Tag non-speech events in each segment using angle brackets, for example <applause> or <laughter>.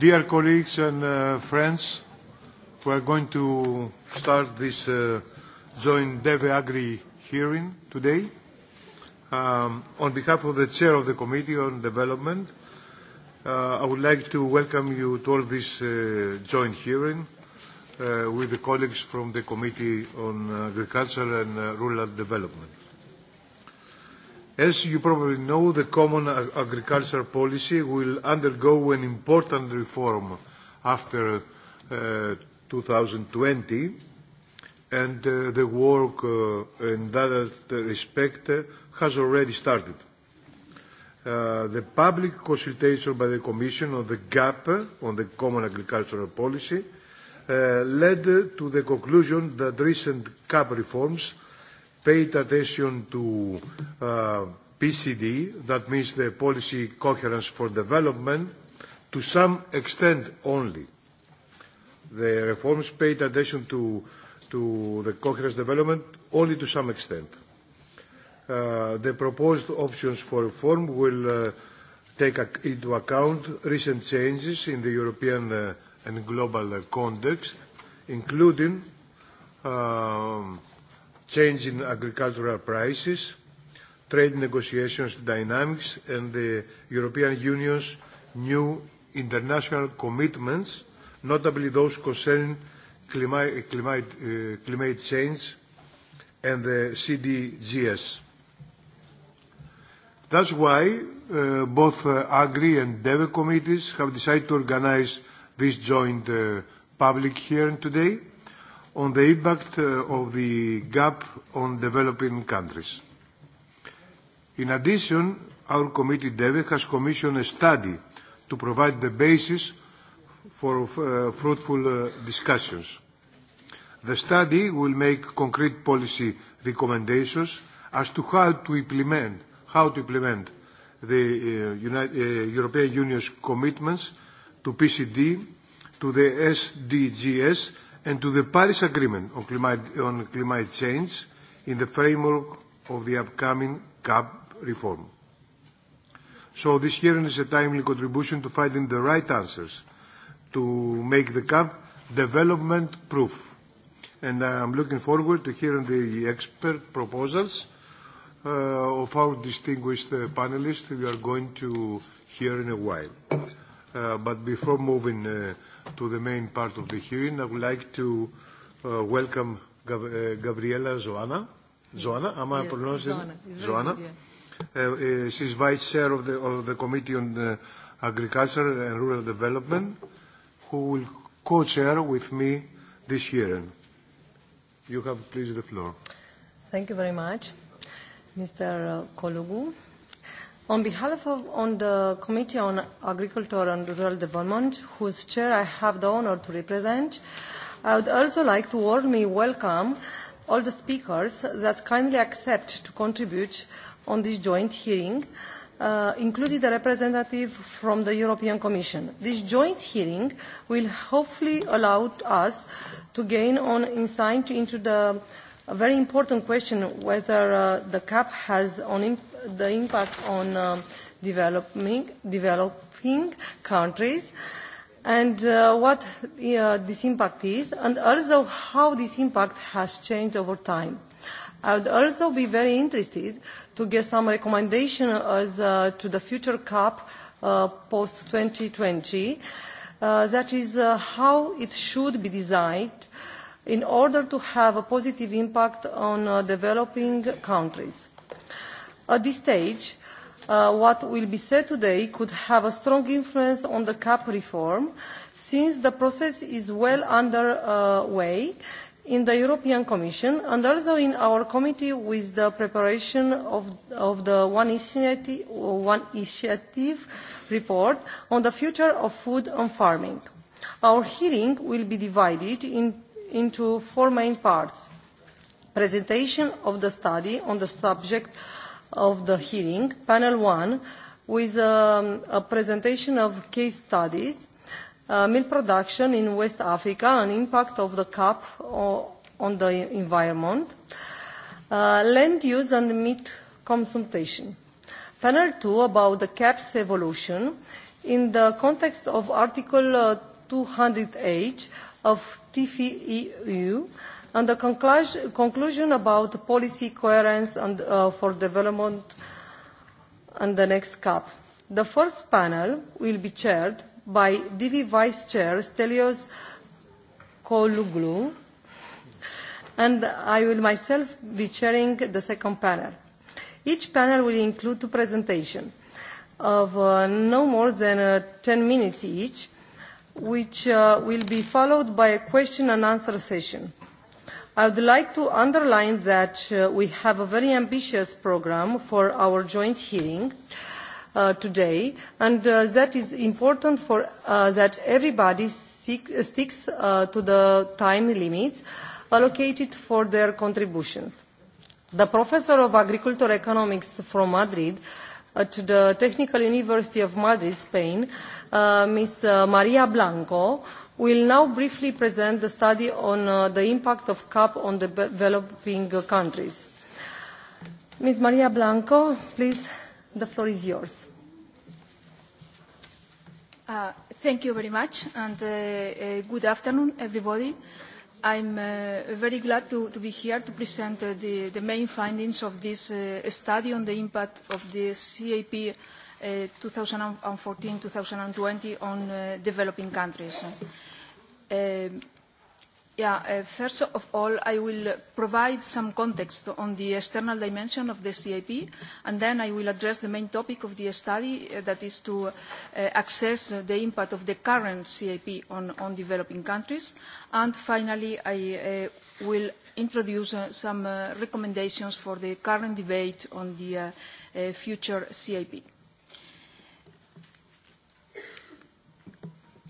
Dear colleagues and uh, friends, we are going to start this uh, joint DEVE Agri hearing today. Um, on behalf of the Chair of the Committee on Development, uh, I would like to welcome you to all this uh, joint hearing uh, with the colleagues from the Committee on Agriculture and uh, Rural Development. As you probably know, the common agricultural policy will undergo an important reform after uh, 2020, and uh, the work uh, in that respect has already started. Uh, the public consultation by the Commission on the gap on the common agricultural policy uh, led to the conclusion that recent CAP reforms paid attention to uh, PCD, that means the policy coherence for development, to some extent only. The reforms paid attention to, to the coherence development only to some extent. Uh, the proposed options for reform will uh, take into account recent changes in the European uh, and global uh, context, including um, change in agricultural prices, trade negotiations dynamics, and the European Union's new international commitments, notably those concerning climate, climate, uh, climate change and the CDGS. That's why uh, both uh, Agri and DEVE committees have decided to organize this joint uh, public hearing today on the impact uh, of the gap on developing countries. In addition, our committee, DEVE, has commissioned a study to provide the basis for uh, fruitful uh, discussions. The study will make concrete policy recommendations as to how to implement, how to implement the uh, United, uh, European Union's commitments to PCD, to the SDGs, and to the Paris Agreement on climate, on climate change in the framework of the upcoming CAP reform. So this hearing is a timely contribution to finding the right answers to make the CAP development proof. And I'm looking forward to hearing the expert proposals uh, of our distinguished uh, panelists we are going to hear in a while. Uh, but before moving uh, to the main part of the hearing. I would like to uh, welcome Gab- uh, Gabriela Zoana. Zoana, am I yes, pronouncing it? Zoana. Zoana. Good, yeah. Uh, uh, she's vice chair of the, of the Committee on uh, Agriculture and Rural Development, who will co-chair with me this hearing. You have, please, the floor. Thank you very much. Mr. Kologu, On behalf of on the Committee on Agriculture and Rural Development, whose chair I have the honor to represent, I would also like to warmly welcome all the speakers that kindly accept to contribute on this joint hearing, uh, including the representative from the European Commission. This joint hearing will hopefully allow us to gain on insight into the very important question whether uh, the CAP has an impact the impact on uh, developing, developing countries and uh, what uh, this impact is, and also how this impact has changed over time. I would also be very interested to get some recommendation as uh, to the future CAP uh, post-2020, uh, that is uh, how it should be designed in order to have a positive impact on uh, developing countries At this stage, uh, what will be said today could have a strong influence on the CAP reform, since the process is well under way in the European Commission and also in our committee with the preparation of, of the one initiative, one initiative report on the future of food and farming. Our hearing will be divided in, into four main parts. Presentation of the study on the subject uh, of the hearing, panel one, with um, a presentation of case studies, uh, milk production in West Africa, and impact of the CAP on the environment, uh, land use and meat consumption. Panel two about the CAP's evolution in the context of Article uh, 208 of TFEU, and the conclusion about policy coherence and, uh, for development and the next CAP. The first panel will be chaired by DV Vice Chair Stelios Koluglu, and I will myself be chairing the second panel. Each panel will include two presentations of uh, no more than uh, 10 minutes each, which uh, will be followed by a question and answer session. I would like to underline that uh, we have a very ambitious programme for our joint hearing uh, today, and uh, that is important for uh, that everybody seek, uh, sticks uh, to the time limits allocated for their contributions. The professor of agricultural economics from Madrid at uh, the Technical University of Madrid, Spain, uh, Ms. Uh, Maria Blanco, uh, We will now briefly present the study on uh, the impact of CAP on developing countries. Ms. Maria Blanco, please, the floor is yours. Uh, thank you very much, and uh, uh, good afternoon, everybody. I'm uh, very glad to, to be here to present uh, the, the main findings of this uh, study on the impact of the CAP 2014-2020 uh, on uh, developing countries. Uh, yeah, first of all, I will provide some context on the external dimension of the CIP, and then I will address the main topic of the study, uh, that is to uh, assess the impact of the current CIP on, on developing countries. And finally, I uh, will introduce uh, some uh, recommendations for the current debate on the uh, uh, future CIP.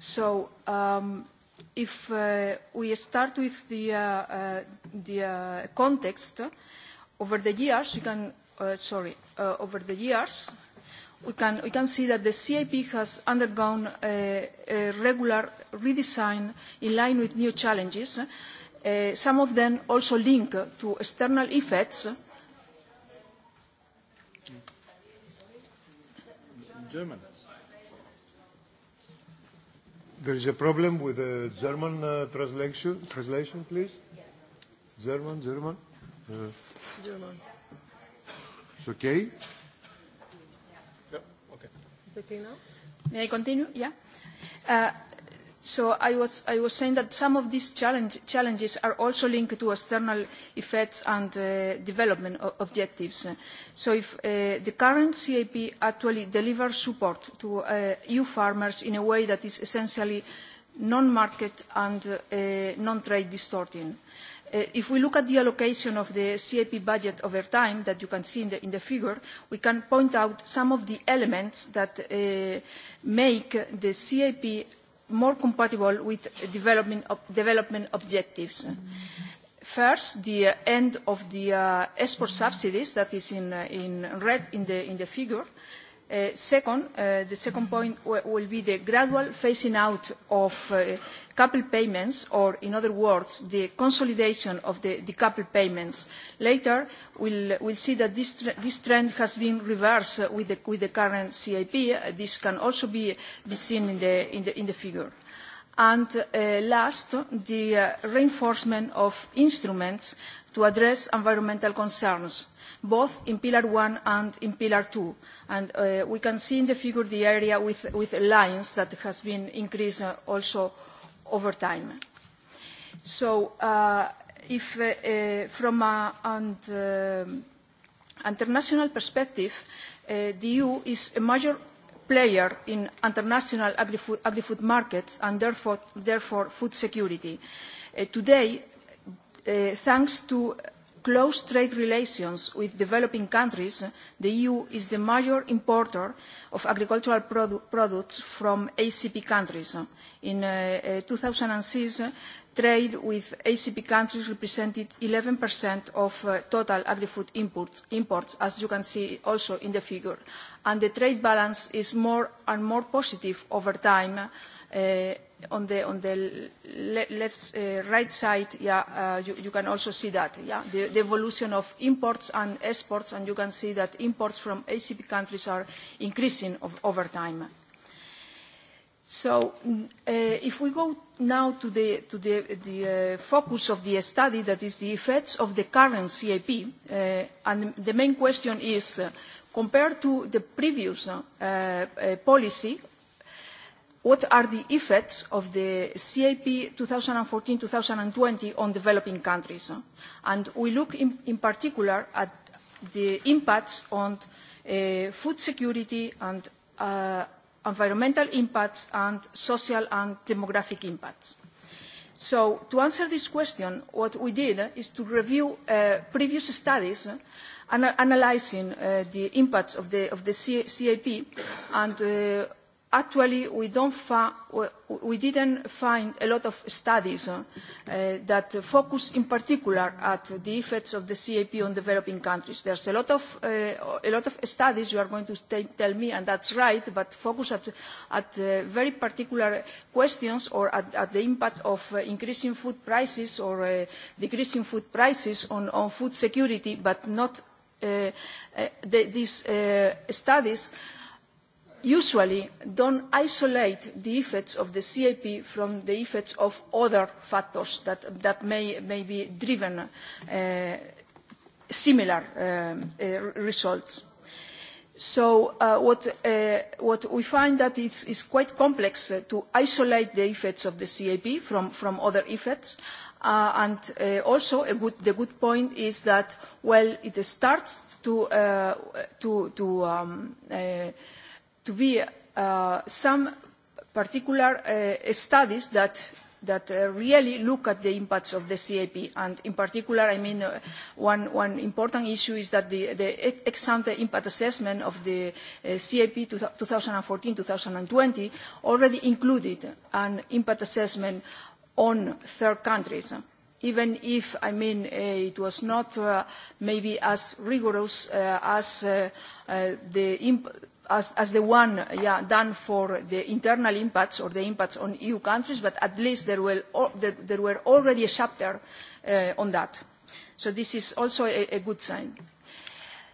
So um, if uh, we start with the, uh, uh, the uh, context, over the years we can, uh, sorry, uh, over the years we can, we can see that the CIP has undergone a, a regular redesign in line with new challenges. Uh, some of them also link to external effects. German. There is a problem with the German uh, translation. Translation, please. Yeah. German, German. Uh, German. It's okay. Yeah, okay. It's okay now. May I continue? Yeah. Uh, So I was, I was saying that some of these challenge, challenges are also linked to external effects and uh, development objectives. So if uh, the current CAP actually delivers support to uh, EU farmers in a way that is essentially non-market and uh, non-trade distorting. Uh, if we look at the allocation of the CAP budget over time that you can see in the, in the figure, we can point out some of the elements that uh, make the CAP more compatible with development, ob development objectives. First, the end of the uh, export subsidies that is in, uh, in red in the, in the figure, Eh, second, eh, the second point will be the gradual phasing out of eh, coupled payments, or in other words, the consolidation of the decoupled payments. Later, we will see that this, trend has been reversed with the, current cap. This can also be, seen in the, in the figure. And last, the reinforcement of instruments to address environmental concerns both in Pillar one and in Pillar two, And uh, we can see in the figure the area with, with lines that has been increased uh, also over time. So uh, if uh, uh, from an uh, international perspective, uh, the EU is a major player in international agri-food, agri markets and therefore, therefore food security. Uh, today, uh, thanks to close trade relations with developing countries, the EU is the major importer of agricultural products from ACP countries. In uh, uh, and 2006, trade with ACP countries represented 11% of uh, total agri-food imports, as you can see also in the figure. And the trade balance is more and more positive over time, on the on the le left uh, right side yeah uh, you, you can also see that yeah the, the evolution of imports and exports and you can see that imports from acp countries are increasing of, over time so mm, uh, if we go now to the to the, the uh, focus of the study that is the effects of the current cap uh, and the main question is uh, compared to the previous uh, uh, policy what are the effects of the CAP 2014-2020 on developing countries. And we look in, in particular at the impacts on uh, food security and uh, environmental impacts and social and demographic impacts. So to answer this question, what we did is to review uh, previous studies analysing uh, the impacts of the, of the CAP and uh, actually we, don't fa we didn't find a lot of studies uh, that focus in particular at the effects of the cap on developing countries. there's a lot of, uh, a lot of studies you are going to tell me, and that's right, but focus at, at uh, very particular questions or at, at the impact of uh, increasing food prices or uh, decreasing food prices on, on food security, but not uh, uh, the, these uh, studies uh, usually don't isolate the effects of the cap from the effects of other factors that, may, be driven uh, similar um, uh, results. So uh, what, we find that it's, is quite complex to isolate the effects of the CAP from, other effects. and also the good point is that, well, it starts to, um, to be uh, some particular uh, studies that uh, really look at the impacts of the CAP. And in particular, I mean, one, important issue is that the, ex-ante impact assessment of the cap two thousand and fourteen two thousand and twenty already included an impact assessment on third countries, even if, I mean, it was not maybe as rigorous as the as, the one done for the internal impacts or the impacts on EU countries, but at least there, was were already a chapter uh, on that. So this is also a, good sign.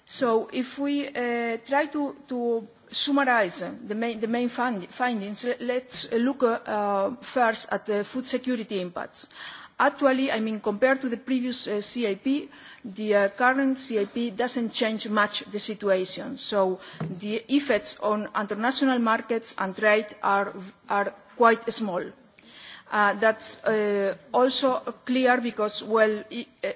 So if we uh, try to, summarise the main, findings, let's look uh, first at the food security impacts actually, I mean, compared to the previous uh, CIP, the uh, current CIP doesn't change much the situation. So the effects on international markets and trade are, are quite small. Uh, that's uh, also clear because, well,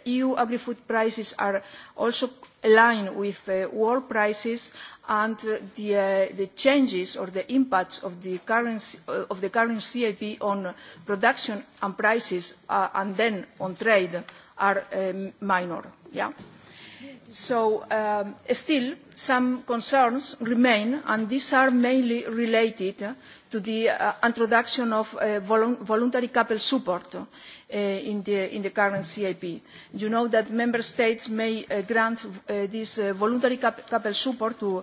EU uh, e agri-food prices are also aligned with uh, world prices and the, changes or the impacts of the current, CAP on production and prices uh, and then on trade are uh, minor. So um, still, some concerns remain, and these are mainly related to the uh, introduction of uh, voluntary couple support uh, in, the, in the current cap. you know that member states may grant this voluntary couple support to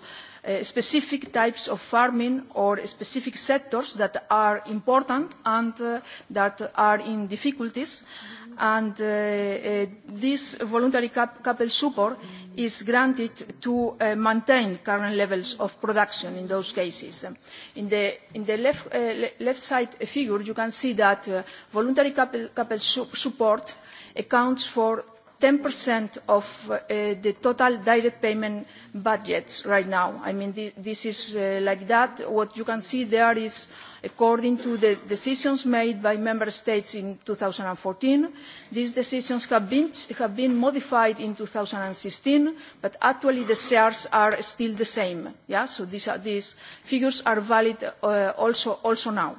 specific types of farming or specific sectors that are important and that are in difficulties and this voluntary couple support is granted to uh, maintain current levels of production in those cases. In the, uh, left, side figure, you can see that uh, voluntary capital support accounts for 10% of the total direct payment budgets right now. I mean, this is like that. What you can see there is According to the decisions made by Member States in 2014, these decisions have been, have been modified in 2016, but actually the shares are still the same. Yeah? So these, are, these figures are valid uh, also, also now.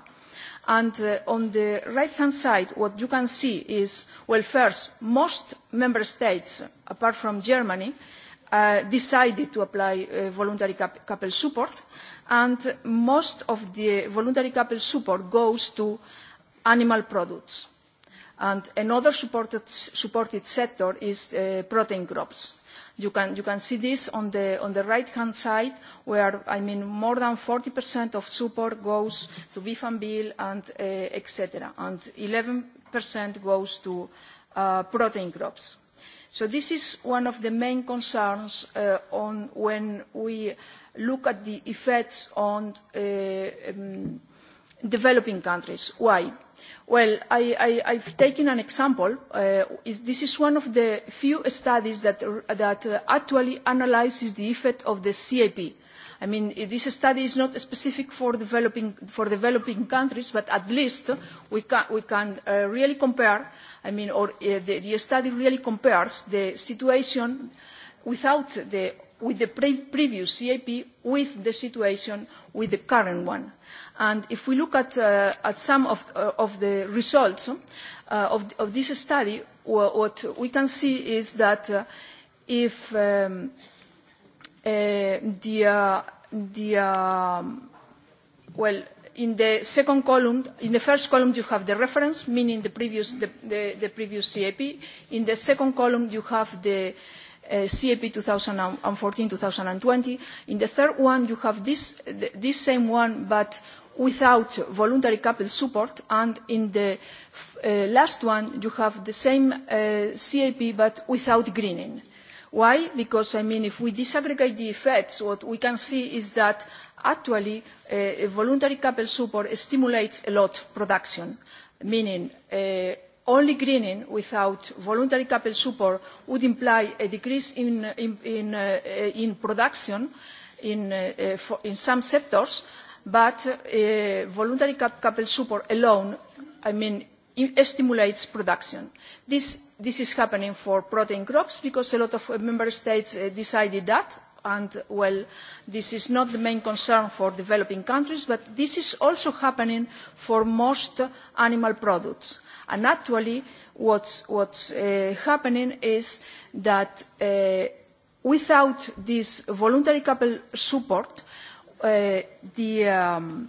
And uh, on the right-hand side, what you can see is, well, first, most member states, apart from Germany, uh, decided to apply uh, voluntary cap capital support and most of the voluntary capital support goes to animal products. And another supported, supported sector is uh, protein crops. You can, you can see this on the, on the right-hand side, where, I mean, more than 40% of support goes to beef and veal and uh, etc., and 11% goes to uh, protein crops. So this is one of the main concerns on when we look at the effects on uh, um, developing countries. Why? Well, I, have I've taken an example. Uh, this is one of the few studies that, uh, actually analyses the effect of the CAP. I mean, this study is not specific for developing, for developing countries, but at least we can, we can really compare, I mean, or the, the study really compares the situation without the with the previous CAP, with the situation, with the current one. And if we look at, uh, at some of, uh, of, the results uh, of, of, this study, what we can see is that uh, if um, uh, the, uh, the um, well, in the second column, in the first column you have the reference, meaning the previous, the, the, the previous CAP. In the second column you have the, Uh, cap two thousand and fourteen two thousand and twenty In the third one, you have this, same one, but without voluntary couple support. And in the uh, last one, you have the same uh, CAP, but without greening. Why? Because, if we disaggregate the effects, what we can see is that actually voluntary couple support stimulates a lot of production, meaning only greening without voluntary capital support would imply a decrease in, in, uh, in production uh, for, in, some sectors, but uh, voluntary capital support alone, I mean, stimulates production. This, this, is happening for protein crops because a lot of uh, member states uh, decided that and well this is not the main concern for developing countries but this is also happening for most animal products and actually what is uh, happening is that uh, without this voluntary couple support uh, the um,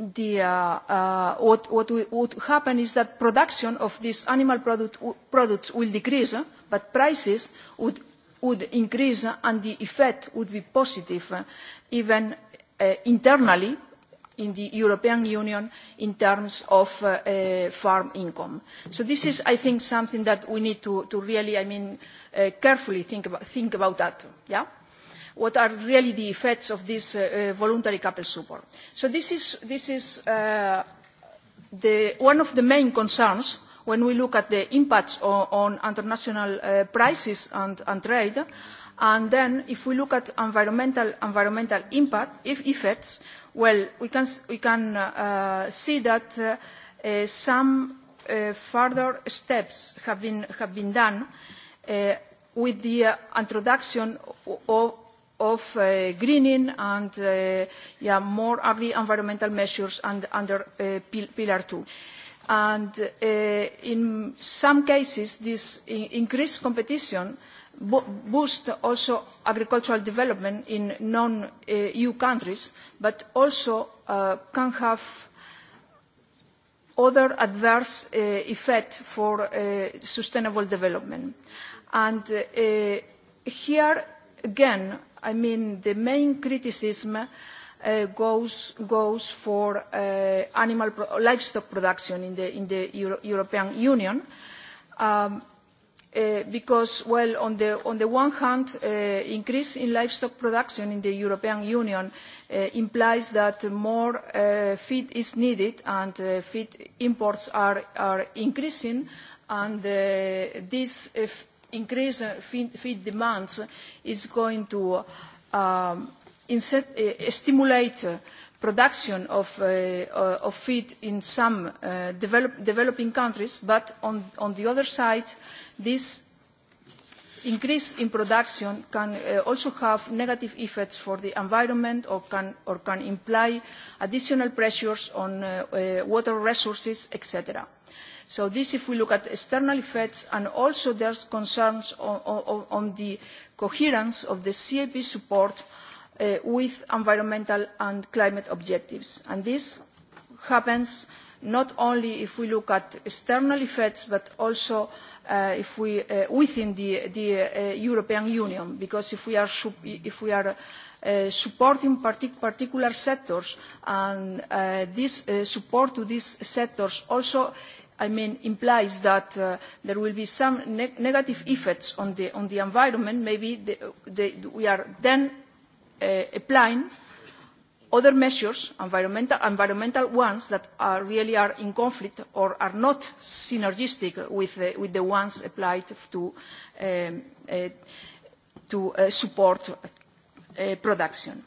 the, uh, uh, what, what would happen is that production of these animal product, products will decrease, but prices would would increase and the effect would be positive uh, even uh, internally in the European Union in terms of uh, farm income. So this is, I think, something that we need to, really, I mean, carefully think about, think about that. Yeah? What are really the effects of this voluntary couple support? So this is, this is one of the main concerns when we look at the impacts on, international uh, prices and, trade. And then if we look at environmental, impact, effects, well, we can, uh, see that uh, some further steps have been, done with the introduction of, greening and more agri-environmental measures under Pillar Two and uh, in some cases this increased competition bo boosts also agricultural development in non-EU uh, countries, but also uh, can have other adverse uh, effect for uh, sustainable development. And uh, here again, I mean the main criticism Uh, goes, goes for uh, animal pro livestock production in the, in the Euro European Union. Um, uh, because, well, on the, on the one hand, uh, increase in livestock production in the European Union uh, implies that more feed is needed and feed imports are, are increasing, and this increase in feed, feed demands is going to um, Eh, stimulate eh, production of, uh, of feed in some uh, develop, developing countries, but on, on the other side, this increase in production can uh, also have negative effects for the environment or can, or can imply additional pressures on uh, uh, water resources, etc. So this if we look at external effects and also there's concerns on, on, on the coherence of the CAP support Uh, with environmental and climate objectives. And this happens not only if we look at external effects, but also uh, if we, uh, within the, European Union, because if we are, supporting particular sectors and this support to these sectors also I mean, implies that there will be some negative effects on the, environment, maybe we are then Eh, applying other measures environmental, ones that really are in conflict or are not synergistic with the, ones applied to, um, eh, eh, support production.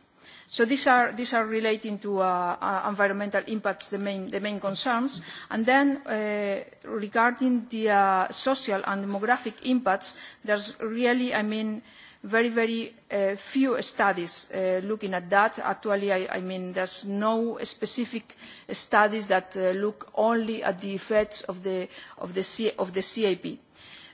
So these are, relating to uh, uh, environmental impacts, the main, concerns. And then regarding the uh, social and demographic impacts, there is really, I mean, very, very uh, few studies uh, looking at that. Actually, I, I mean, there's no specific studies that uh, look only at the effects of the, of the, C, of the CAP.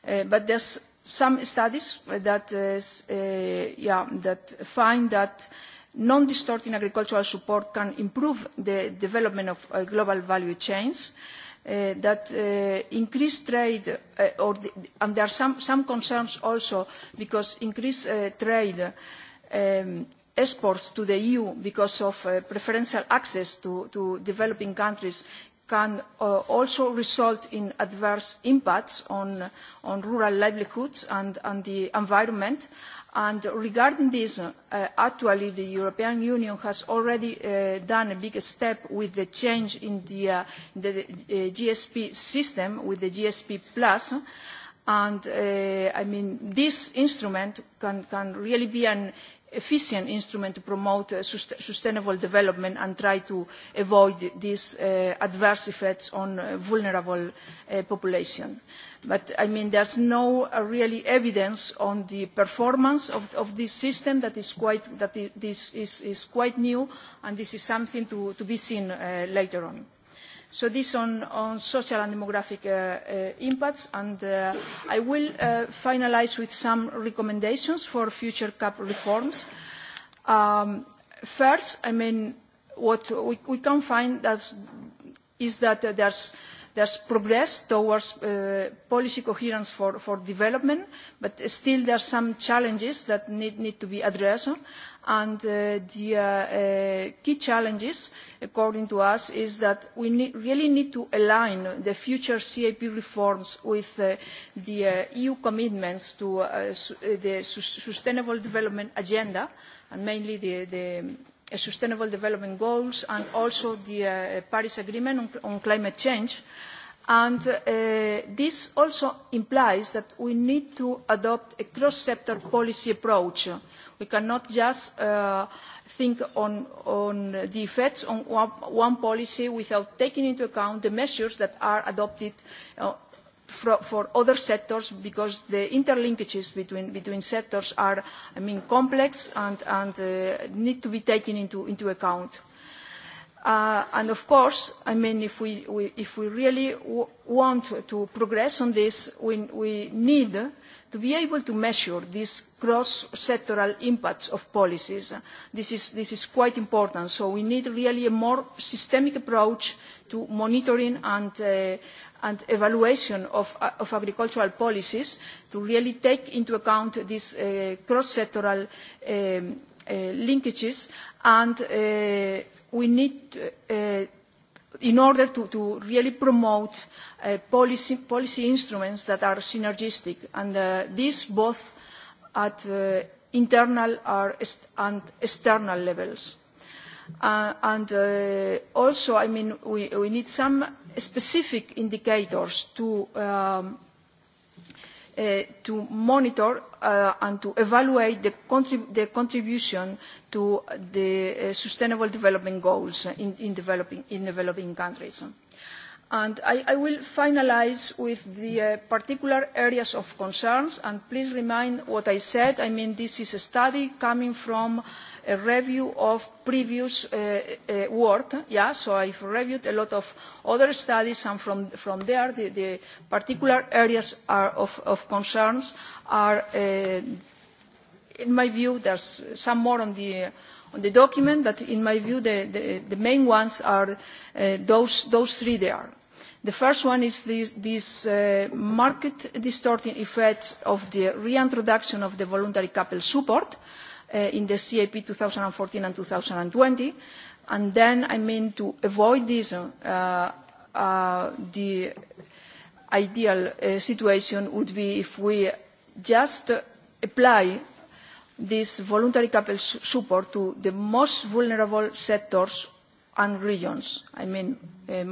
Uh, but there's some studies that, uh, uh, yeah, that find that non distorting agricultural support can improve the development of uh, global value chains. Uh, Uh, that uh, increased trade uh, or the, and there are some, some concerns also because increased uh, trade um, exports to the eu because of uh, preferential access to, to developing countries can uh, also result in adverse impacts on, on rural livelihoods and, and the environment And regarding this, uh, actually the European Union has already taken uh, a big step with the change in the, uh, GSP system, with the GSP Plus. And I mean, this instrument can, really be efficient instrument to promote uh, sustainable development and try to avoid these uh, adverse effects on uh, vulnerable uh, populations. But I mean, there's no uh, really evidence on the performance of, of this system that is quite, that is, is, is quite new, and this is something to, to be seen uh, later on. So this on, on social and demographic uh, uh, impacts, and uh, I will uh, finalize with some recommendations for future CAP reforms. Um, first, I mean, what we, we can find that's, is that uh, there's there is progress towards uh, policy coherence for, for development, but still there are some challenges that need, need to be addressed. And uh, the uh, uh key challenges, according to us, is that we need, really need to align the future CAP reforms with uh, the uh, EU commitments to su the su sustainable development agenda, and mainly the, the sustainable development goals and also the uh, paris agreement on, on climate change and uh, this also implies that we need to adopt a cross sector policy approach. we cannot just uh, think on, on the effects on one, one policy without taking into account the measures that are adopted uh, for, other sectors because the interlinkages between, between sectors are I mean, complex and, and uh, need to be taken into, into account. Uh, and of course, I mean, if we, we, if we really want to progress on this, we, we need to be able to measure these cross-sectoral impacts of policies, this is, this is, quite important. So we need really a more systemic approach to monitoring and, uh, and evaluation of, uh, of, agricultural policies to really take into account these uh, cross-sectoral um, uh, linkages and uh, we need uh, in order to, to really promote uh, policy, policy instruments that are synergistic. And uh, this both at uh, internal and external levels. Uh, and uh, also, I mean, we, we need some specific indicators to um, Uh, to monitor uh, and to evaluate the, contribution to the uh, sustainable development goals in, developing, countries. And I, I will finalise with the particular areas of concerns, and please remind what I said. I mean, this is a study coming from a review of previous uh, uh, work. Yeah? So I've reviewed a lot of other studies, and from, from there, the, the particular areas are of, of concerns are, uh, in my view, there's some more on the on the document, but in my view, the, the, the main ones are uh, those, those three there. The first one is this, this uh, market distorting effect of the reintroduction of the voluntary couple support. Uh, Uh, in the CAP 2014 and 2020. And then, I mean, to avoid this, uh, uh, the ideal uh, situation would be if we just apply this voluntary capital support to the most vulnerable sectors and regions. I mean, uh,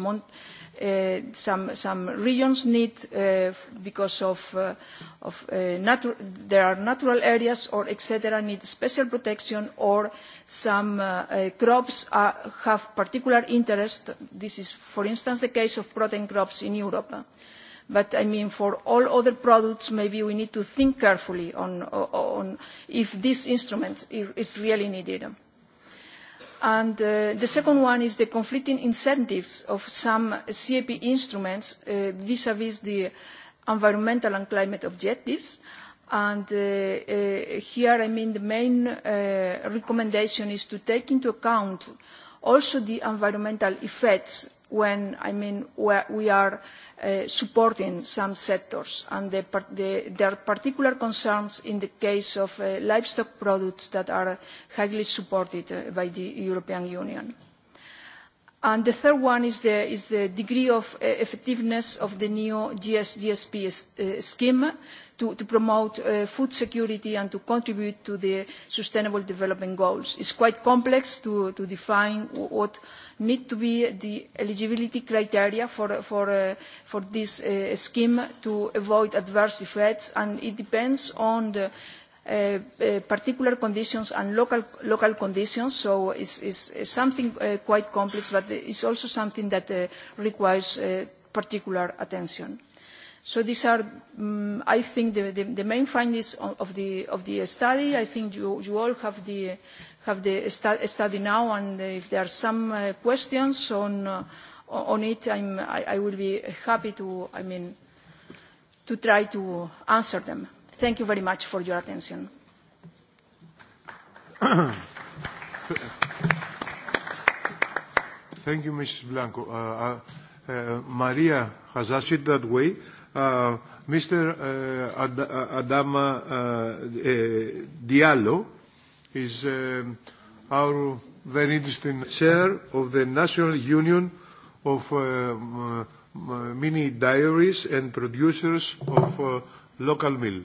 Uh, some, some regions need uh, because of, uh, of uh, there are natural areas or etc need special protection or some uh, crops are, have particular interest this is for instance the case of protein crops in europe but i mean for all other products maybe we need to think carefully on, on if this instrument is really needed. And uh, the second one is the conflicting incentives of some CAP instruments vis-à-vis uh, -vis the environmental and climate objectives. And uh, uh here, I mean, the main uh, recommendation is to take into account also the environmental effects when I mean we are uh, supporting some sectors and there are particular concerns in the case of uh, livestock products that are highly supported uh, by the European Union. And the third one is the, degree of effectiveness of the new GSP scheme to, to promote uh, food security and to contribute to the sustainable development goals. It's quite complex to, to define what need to be the eligibility criteria for, for, uh, for this uh, scheme to avoid adverse effects and it depends on the Uh, uh, particular conditions and local, local conditions, so it's, it's something uh, quite complex, but it's also something that uh, requires uh, particular attention. So these are, mm, I think, the, main findings of the, study. I think you, all have the, study now, and if there are some uh, questions on, uh, it, I, I will be happy to, I mean, to try to answer them. Thank you very much for your attention. Thank you, Mrs. Blanco. Uh, uh, uh, Maria has asked it that way uh, Mr. Uh, Ad uh, Adama uh, uh, Diallo is uh, our very interesting chair of the National Union of uh, uh Mini Dairies and Producers of uh, Local Milk.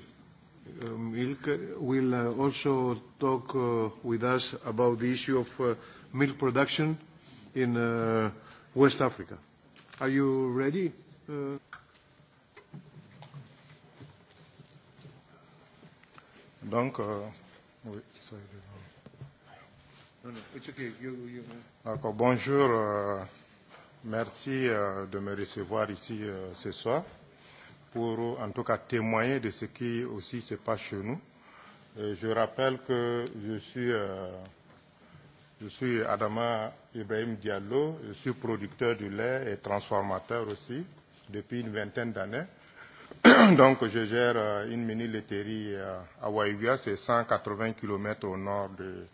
Uh, milk will uh, also talk uh, with us about the issue of uh, milk production in uh, West Africa. Are you ready? Uh Donc, euh, oui, ça Non, non, no, it's okay. You, you... Uh, D'accord, bonjour. Euh, merci euh, de me recevoir ici euh, ce soir pour en tout cas témoigner de ce qui aussi se passe chez nous. Et je rappelle que je suis, euh, je suis Adama Ibrahim Diallo, je suis producteur du lait et transformateur aussi depuis une vingtaine d'années. <coughs> Donc, je gère euh, une mini-laiterie euh, à Waïbia, c'est 180 km au nord de,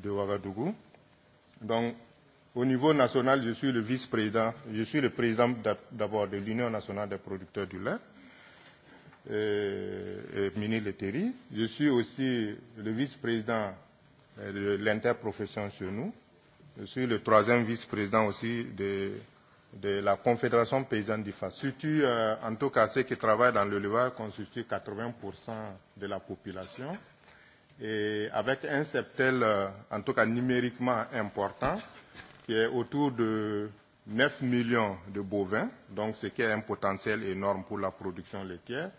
de Ouagadougou. Donc, au niveau national, je suis le vice-président, je suis le président d'abord de l'Union nationale des producteurs du lait, et, et mini-laiterie. Je suis aussi le vice-président euh, de l'interprofession chez nous. Je suis le troisième vice-président aussi de de la Confédération paysanne du FAS. Surtout, euh, en tout cas, ceux qui travaillent dans l'élevage constituent 80% de la population. Et avec un septel, euh, en tout cas numériquement important, qui est autour de 9 millions de bovins, donc ce qui est un potentiel énorme pour la production laitière.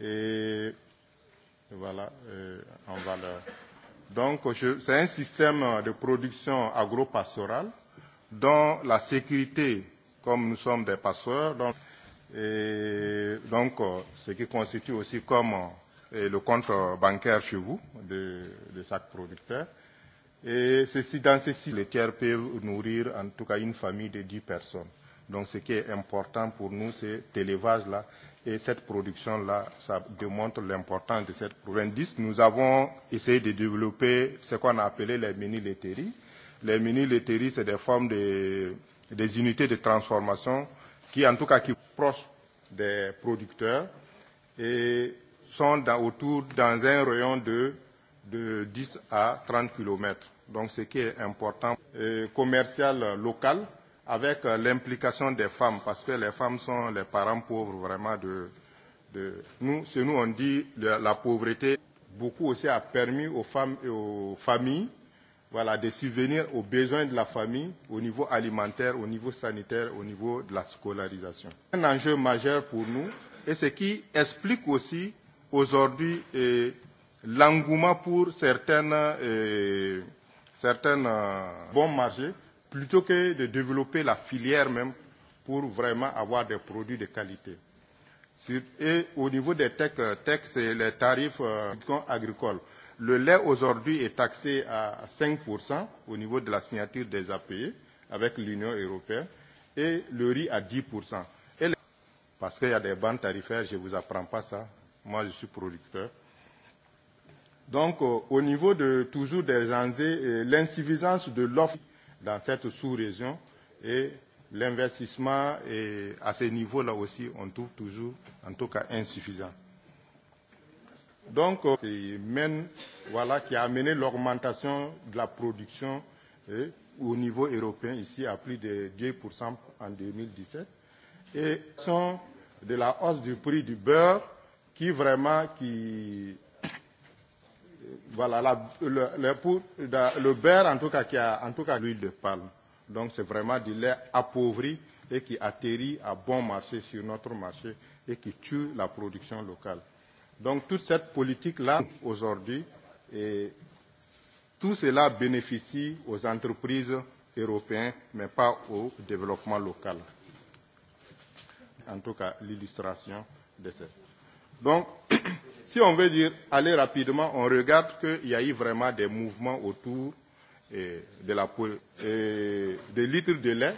Et voilà, euh, en valeur. Donc, c'est un système de production agro-pastorale dont la sécurité, comme nous sommes des passeurs, donc, et donc euh, ce qui constitue aussi comme euh, et le compte bancaire chez vous de, de chaque producteur. Et ceci, dans ceci, les tiers peuvent nourrir en tout cas une famille de 10 personnes. Donc ce qui est important pour nous, c'est cet élevage-là et cette production-là, ça démontre l'importance de cette province. Nous avons essayé de développer ce qu'on a appelé les mini-laiteries les mini, les c'est des formes de, des unités de transformation qui, en tout cas, qui sont proches des producteurs et sont dans, autour dans un rayon de, de 10 à 30 km. Donc, ce qui est important, et euh, commercial euh, local, avec euh, l'implication des femmes, parce que les femmes sont les parents pauvres vraiment de, de nous. Chez nous, on dit la, la pauvreté beaucoup aussi a permis aux femmes et aux familles voilà, de subvenir aux besoins de la famille au niveau alimentaire, au niveau sanitaire, au niveau de la scolarisation. Un enjeu majeur pour nous et ce qui explique aussi aujourd'hui eh, l'engouement pour certaines, eh, certaines euh, bons marchés plutôt que de développer la filière même pour vraiment avoir des produits de qualité. et au niveau des textes, euh, tech c'est les tarifs euh, agricoles. Le lait aujourd'hui est taxé à 5% au niveau de la signature des API avec l'Union européenne et le riz à 10%. Et le... Parce qu'il y a des bandes tarifaires, je ne vous apprends pas ça. Moi, je suis producteur. Donc, euh, au niveau de toujours des enjeux, euh, l'insuffisance de l'offre dans cette sous-région et l'investissement à ce niveau-là aussi, on trouve toujours, en tout cas, insuffisant donc qui mène, voilà, qui a amené l'augmentation de la production eh, au niveau européen ici à plus de 10% en 2017 et sont de la hausse du prix du beurre qui vraiment qui <coughs> voilà la, le, le, pour, le beurre en tout cas qui a en tout cas l'huile de palme donc c'est vraiment du lait appauvri et qui atterrit à bon marché sur notre marché et qui tue la production locale. Donc toute cette politique-là, aujourd'hui, tout cela bénéficie aux entreprises européennes, mais pas au développement local. En tout cas, l'illustration de ça. Donc, <clears throat> si on veut dire aller rapidement, on regarde qu'il y a eu vraiment des mouvements autour et eh, de la, eh, des litres de lait,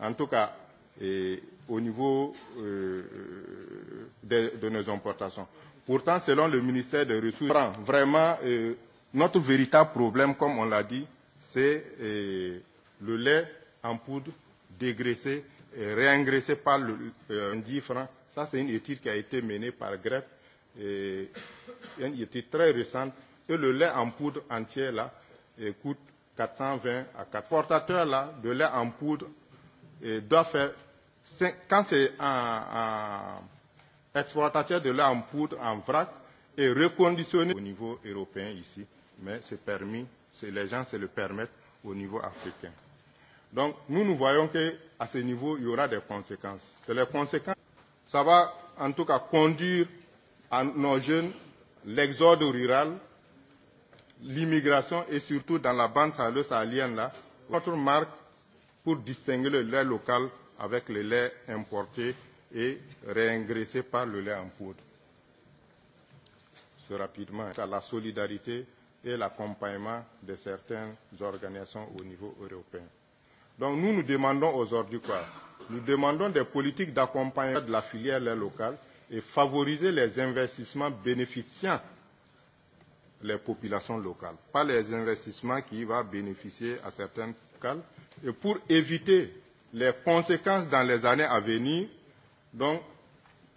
en tout cas et eh, au niveau euh, euh de, de nos importations. Pourtant, selon le ministère des Ressources, vraiment, euh, notre véritable problème, comme on l'a dit, c'est euh, le lait en poudre dégraissé et réingraissé par le euh, francs. Ça, c'est une étude qui a été menée par Greff, et une étude très récente. Et le lait en poudre entier, là, et euh, coûte 420 à 4. Portateur, là, de lait en poudre, et euh, doit faire 5, quand c'est en, en exploitateurs de lait en poudre en vrac et reconditionné au niveau européen ici, mais c'est permis, les gens se le permettent au niveau africain. Donc nous, nous voyons qu'à ce niveau, il y aura des conséquences. C'est les conséquences. Ça va en tout cas conduire à nos jeunes l'exode rural, l'immigration et surtout dans la bande saleuse sahélienne là, notre marque pour distinguer le lait local avec le lait importé et réingressés par le lait en poudre. Ce rapidement à la solidarité et l'accompagnement de certaines organisations au niveau européen. Donc nous, nous demandons aujourd'hui quoi Nous demandons des politiques d'accompagnement de la filière lait locale et favoriser les investissements bénéficiant les populations locales, pas les investissements qui vont bénéficier à certaines locales, et pour éviter les conséquences dans les années à venir Donc,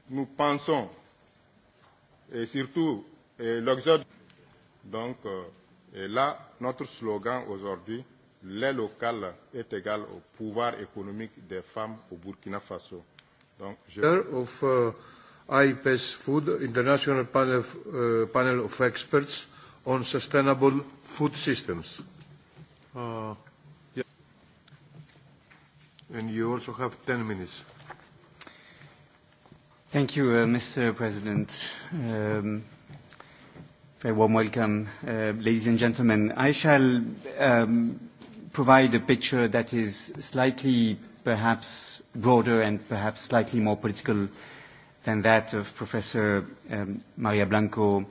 nous pensons, et surtout l'exode, donc euh, et là, notre slogan aujourd'hui, les locales est égal au pouvoir économique des femmes au Burkina Faso. Donc, je... of uh, IPES Food, International Panel, uh, Panel of Experts on Sustainable Food Systems. Uh, yeah. And you also have 10 minutes. Thank you, uh, Mr. President. Um, very warm welcome, uh, ladies and gentlemen. I shall um, provide a picture that is slightly, perhaps broader and perhaps slightly more political than that of Professor um, Maria Blanco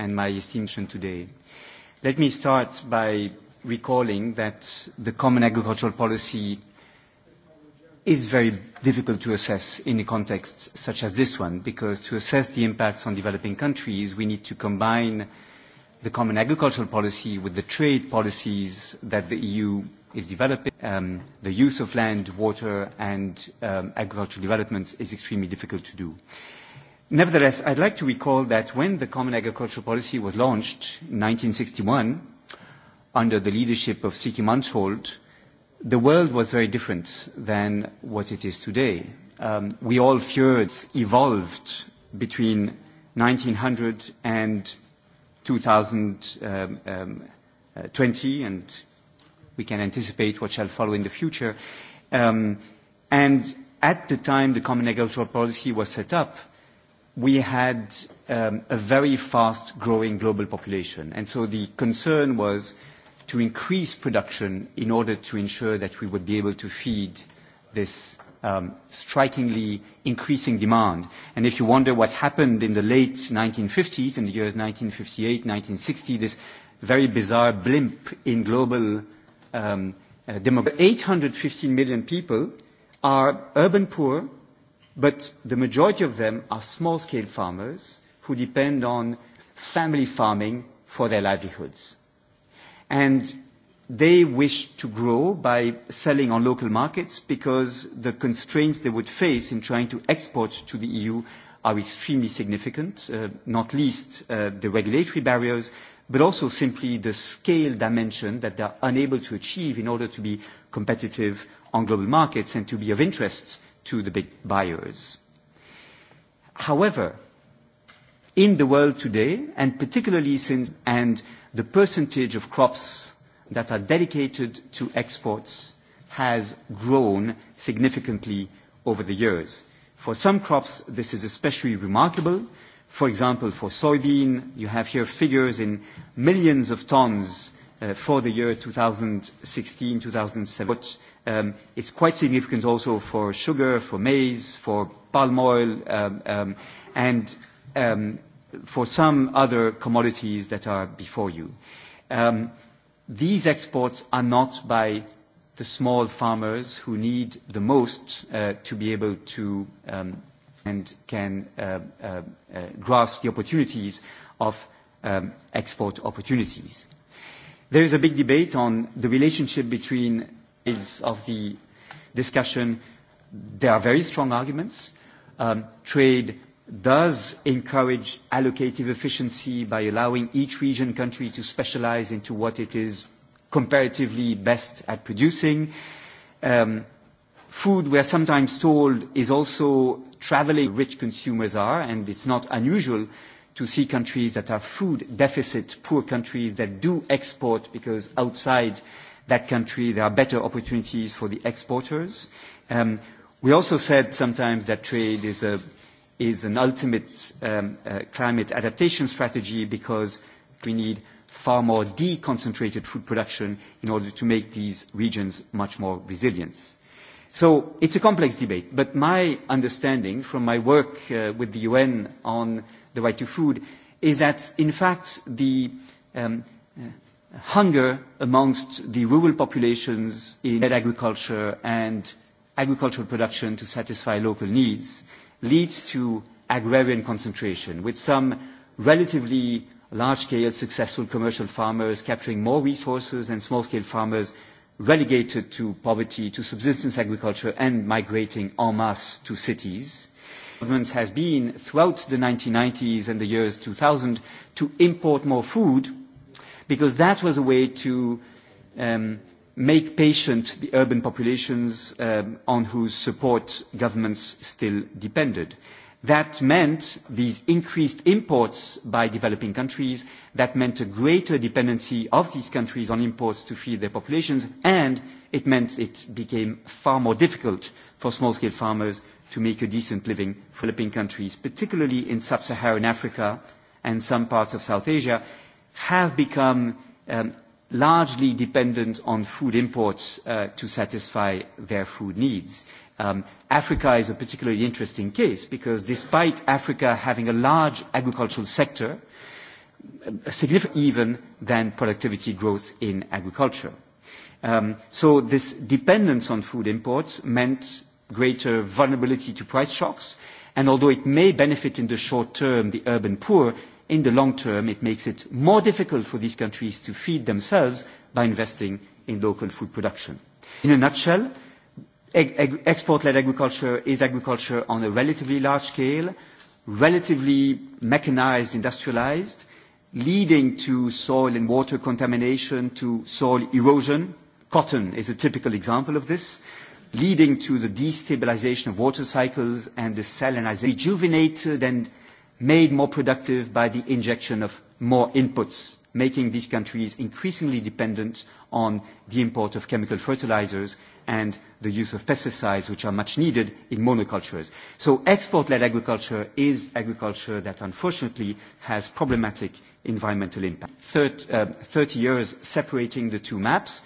and my esteemed today. Let me start by recalling that the Common Agricultural Policy is very difficult to assess in a context such as this one, because to assess the impacts on developing countries, we need to combine the common agricultural policy with the trade policies that the EU is developing. Um, the use of land, water, and um, agricultural developments is extremely difficult to do. Nevertheless, I'd like to recall that when the common agricultural policy was launched in 1961, under the leadership of Siki Mansholt, the world was very different than what it is today. Um, we all feared evolved between 1900 and 2020, um, um, uh, and we can anticipate what shall follow in the future. Um, and at the time the common agricultural policy was set up, we had um, a very fast growing global population. And so the concern was to increase production in order to ensure that we would be able to feed this um, strikingly increasing demand. And if you wonder what happened in the late 1950s, in the years 1958, 1960, this very bizarre blimp in global um, uh, demography. 815 million people are urban poor, but the majority of them are small-scale farmers who depend on family farming for their livelihoods and they wish to grow by selling on local markets because the constraints they would face in trying to export to the EU are extremely significant, uh, not least uh, the regulatory barriers, but also simply the scale dimension that they are unable to achieve in order to be competitive on global markets and to be of interest to the big buyers. However, in the world today, and particularly since and the percentage of crops that are dedicated to exports has grown significantly over the years. For some crops, this is especially remarkable. For example, for soybean, you have here figures in millions of tons uh, for the year 2016, 2017. Um, it's quite significant also for sugar, for maize, for palm oil, um, um, and um, for some other commodities that are before you. Um, these exports are not by the small farmers who need the most uh, to be able to um, and can uh, uh, uh grasp the opportunities of um, export opportunities. There is a big debate on the relationship between is of the discussion. There are very strong arguments. Um, trade does encourage allocative efficiency by allowing each region country to specialize into what it is comparatively best at producing. Um, food, we are sometimes told, is also traveling rich consumers are, and it's not unusual to see countries that are food deficit, poor countries that do export because outside that country there are better opportunities for the exporters. Um, we also said sometimes that trade is a is an ultimate um, uh, climate adaptation strategy because we need far more deconcentrated food production in order to make these regions much more resilient. So it's a complex debate, but my understanding from my work uh, with the UN on the right to food is that, in fact, the um, uh, hunger amongst the rural populations in agriculture and agricultural production to satisfy local needs – leads to agrarian concentration, with some relatively large-scale successful commercial farmers capturing more resources and small-scale farmers relegated to poverty, to subsistence agriculture, and migrating en masse to cities. Governments has been, throughout the 1990s and the years 2000, to import more food, because that was a way to um, make patient the urban populations um, on whose support governments still depended. That meant these increased imports by developing countries, that meant a greater dependency of these countries on imports to feed their populations, and it meant it became far more difficult for small-scale farmers to make a decent living in developing countries, particularly in sub-Saharan Africa and some parts of South Asia, have become um, largely dependent on food imports uh, to satisfy their food needs. Um, Africa is a particularly interesting case because despite Africa having a large agricultural sector, significant even than productivity growth in agriculture. Um, so this dependence on food imports meant greater vulnerability to price shocks, and although it may benefit in the short term the urban poor, in the long term, it makes it more difficult for these countries to feed themselves by investing in local food production. In a nutshell, export-led agriculture is agriculture on a relatively large scale, relatively mechanized, industrialized, leading to soil and water contamination, to soil erosion. Cotton is a typical example of this, leading to the destabilization of water cycles and the salinization. Rejuvenated and made more productive by the injection of more inputs, making these countries increasingly dependent on the import of chemical fertilizers and the use of pesticides, which are much needed in monocultures. So export-led agriculture is agriculture that unfortunately has problematic environmental impact. Third, uh, 30 years separating the two maps.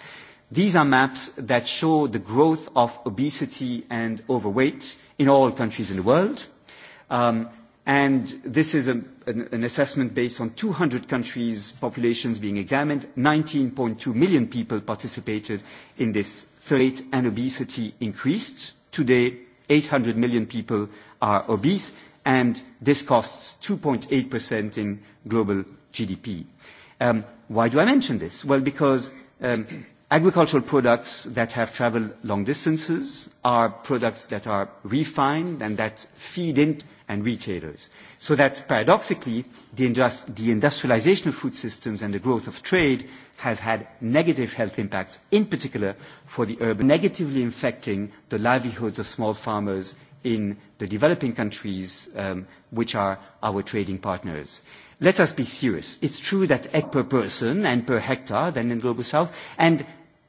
These are maps that show the growth of obesity and overweight in all countries in the world. Um, And this is a, an, an assessment based on 200 countries' populations being examined. 19.2 million people participated in this weight and obesity increased. Today, 800 million people are obese, and this costs 2.8% in global GDP. Um, why do I mention this? Well, because um, agricultural products that have traveled long distances are products that are refined and that feed into and retailers. So that paradoxically, the, industri the industrialization of food systems and the growth of trade has had negative health impacts, in particular for the urban, negatively affecting the livelihoods of small farmers in the developing countries, um, which are our trading partners. Let us be serious. It's true that egg per person and per hectare than in Global South, and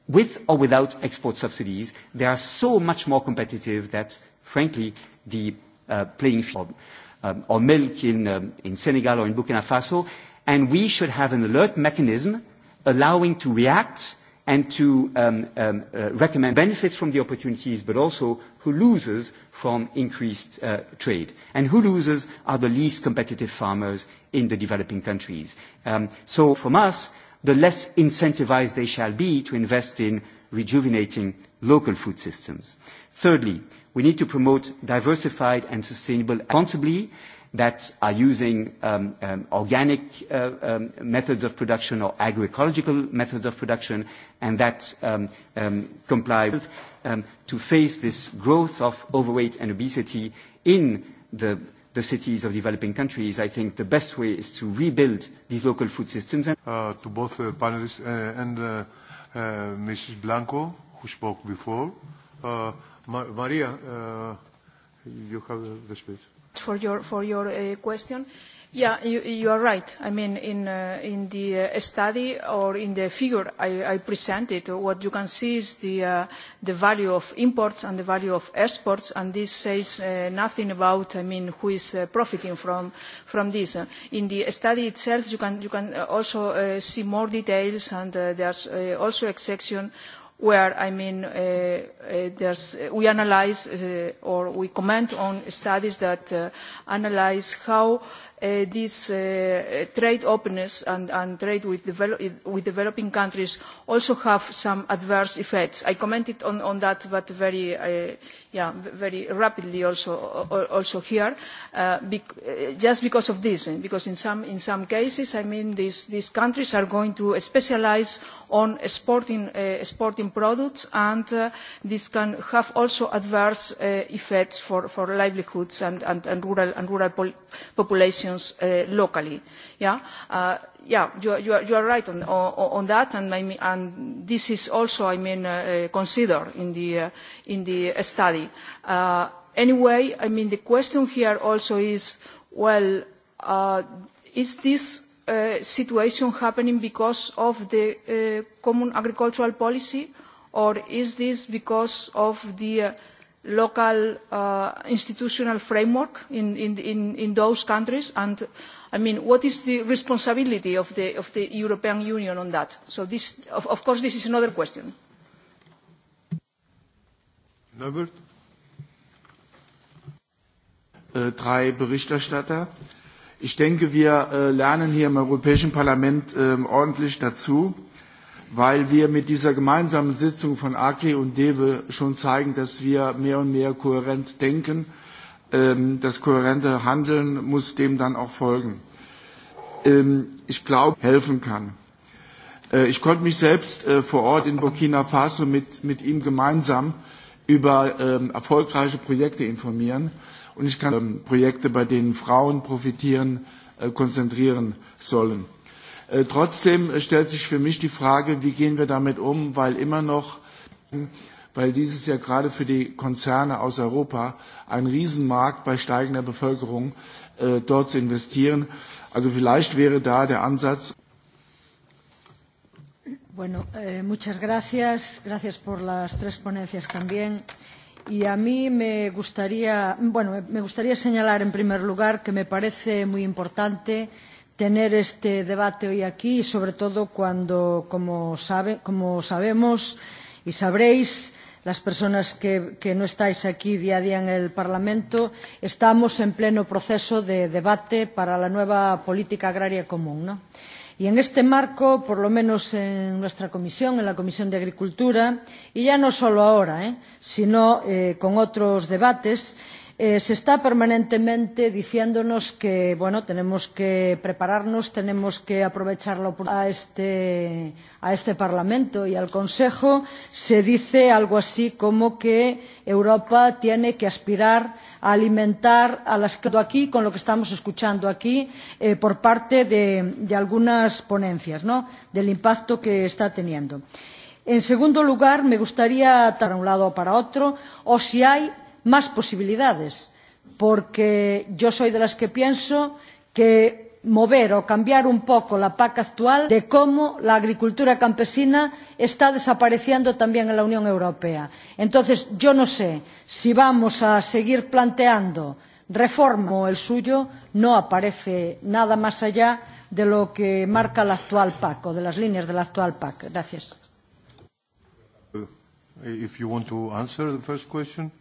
with or without export subsidies, they are so much more competitive that, frankly, the Uh, playing field, um, or milk in, um, in Senegal or in Burkina Faso. And we should have an alert mechanism allowing to react and to um, um, uh, recommend benefits from the opportunities, but also who loses from increased uh, trade. And who loses are the least competitive farmers in the developing countries. Um, so from us, the less incentivized they shall be to invest in rejuvenating local food systems. Thirdly, we need to promote diversified and sustainable responsibly that are using um, um, organic uh, um, methods of production or agroecological methods of production and that um, um, comply with, um, to face this growth of overweight and obesity in the, the cities of developing countries. I think the best way is to rebuild these local food systems. Uh, to both uh, panelists uh, and uh, Eh, Mrs. Blanco, who spoke before. Uh, Ma Maria, uh, you have the speech. For your, for your uh, question. Yeah, you, you are right. I mean, in, uh, in the uh, study or in the figure I, I presented, what you can see is the, uh, the value of imports and the value of exports, and this says uh, nothing about, I mean, who is uh, profiting from, from this. In the study itself, you can, you can also uh, see more details, and there's also a section where I mean, uh, uh, we analyze uh, or we comment on studies that analyze how Uh, this uh, trade openness and, and trade with, develop, with, developing countries also have some adverse effects. I commented on, on that, but very uh, yeah, very rapidly also, also here, uh, be, uh, just because of this, eh, because in some, in some cases, I mean, these, these countries are going to specialize on exporting, uh, exporting products, and uh, this can have also adverse uh, effects for, for livelihoods and, and, and rural, and rural populations uh, locally. Yeah? Uh, yeah, you are, you are, you are right on, on, on that, and, I mean, and this is also, I mean, uh, considered in the, uh, in the study. Uh, anyway, I mean, the question here also is, well, uh, is this uh, situation happening because of the uh, common agricultural policy, or is this because of the uh, local uh, institutional framework in, in, in, in those countries? And i mean, what is the responsibility of the, of the European Union on that? So this, of, of course, this is another question. Norbert? Äh, drei Berichterstatter. Ich denke, wir äh, lernen hier im Europäischen Parlament ähm, ordentlich dazu, weil wir mit dieser gemeinsamen Sitzung von AKI und DEWE schon zeigen, dass wir mehr und mehr kohärent denken Ähm, das kohärente Handeln muss dem dann auch folgen. Ähm, ich glaube, helfen kann. Äh, ich konnte mich selbst äh, vor Ort in Burkina Faso mit, mit ihm gemeinsam über ähm, erfolgreiche Projekte informieren. Und ich kann Projekte, bei denen Frauen profitieren, äh, konzentrieren sollen. Trotzdem stellt sich für mich die Frage, wie gehen wir damit um, weil immer noch weil dieses ja gerade für die Konzerne aus Europa ein Riesenmarkt bei steigender Bevölkerung äh, dort zu investieren. Also vielleicht wäre da der Ansatz. Bueno, eh, muchas gracias. Gracias por las tres ponencias también. Y a mí me gustaría, bueno, me gustaría señalar en primer lugar que me parece muy importante tener este debate hoy aquí, sobre todo cuando, como, sabe, como sabemos y sabréis, las personas que, que no estáis aquí día a día en el Parlamento, estamos en pleno proceso de debate para la nueva política agraria común. ¿no? Y en este marco, por lo menos en nuestra comisión, en la Comisión de Agricultura, y ya no solo ahora, ¿eh? sino eh, con otros debates, Eh, se está permanentemente diciéndonos que bueno, tenemos que prepararnos, tenemos que aprovechar la oportunidad a este, a este Parlamento y al Consejo. Se dice algo así como que Europa tiene que aspirar a alimentar a las que aquí con lo que estamos escuchando aquí eh, por parte de, de algunas ponencias ¿no? del impacto que está teniendo. En segundo lugar, me gustaría, para un lado o para otro, o si hay más posibilidades, porque yo soy de las que pienso que mover o cambiar un poco la PAC actual de cómo la agricultura campesina está desapareciendo también en la Unión Europea. Entonces, yo no sé si vamos a seguir planteando reforma como el suyo, no aparece nada más allá de lo que marca la actual PAC o de las líneas de la actual PAC. Gracias. Uh, if you want to answer the first question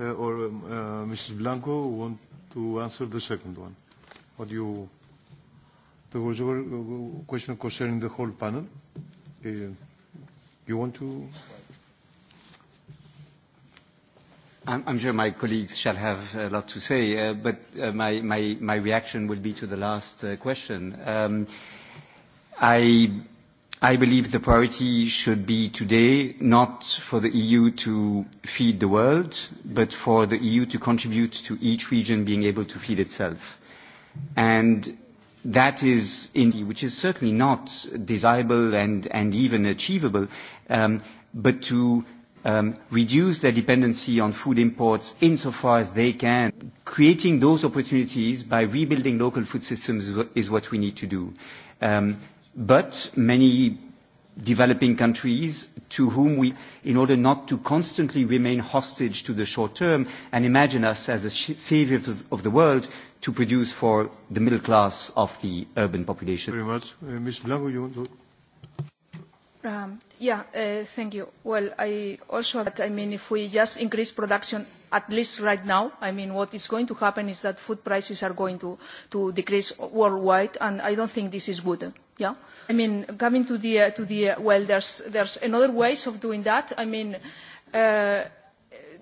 uh, or um, uh, Mrs. Blanco want to answer the second one. What do you... There was a uh, question concerning the whole panel. Uh, you want to... I'm, I'm sure my colleagues shall have a lot to say, uh, but uh, my, my, my reaction will be to the last uh, question. Um, I i believe the priority should be today not for the EU to feed the world, but for the EU to contribute to each region being able to feed itself. And that is, indeed, which is certainly not desirable and, and even achievable, um, but to um, reduce their dependency on food imports insofar as they can. Creating those opportunities by rebuilding local food systems is what we need to do. Um, but many developing countries to whom we, in order not to constantly remain hostage to the short term and imagine us as the saviors of the world, to produce for the middle class of the urban population. Very much. Uh, Ms. Blanco, you want to? Um, yeah, uh, thank you. Well, I also, I mean, if we just increase production at least right now i mean what is going to happen is that food prices are going to, to decrease worldwide and i don't think this is good yeah i mean coming to the uh, to the uh, well there's there's another ways of doing that i mean uh,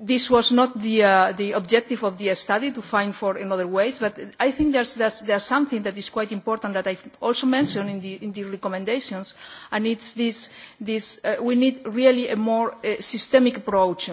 this was not the, uh, the objective of the study to find for another ways, but I think there's, there's, there's something that is quite important that I've also mentioned in the, in the recommendations, and it's this, this uh, we need really a more uh, systemic approach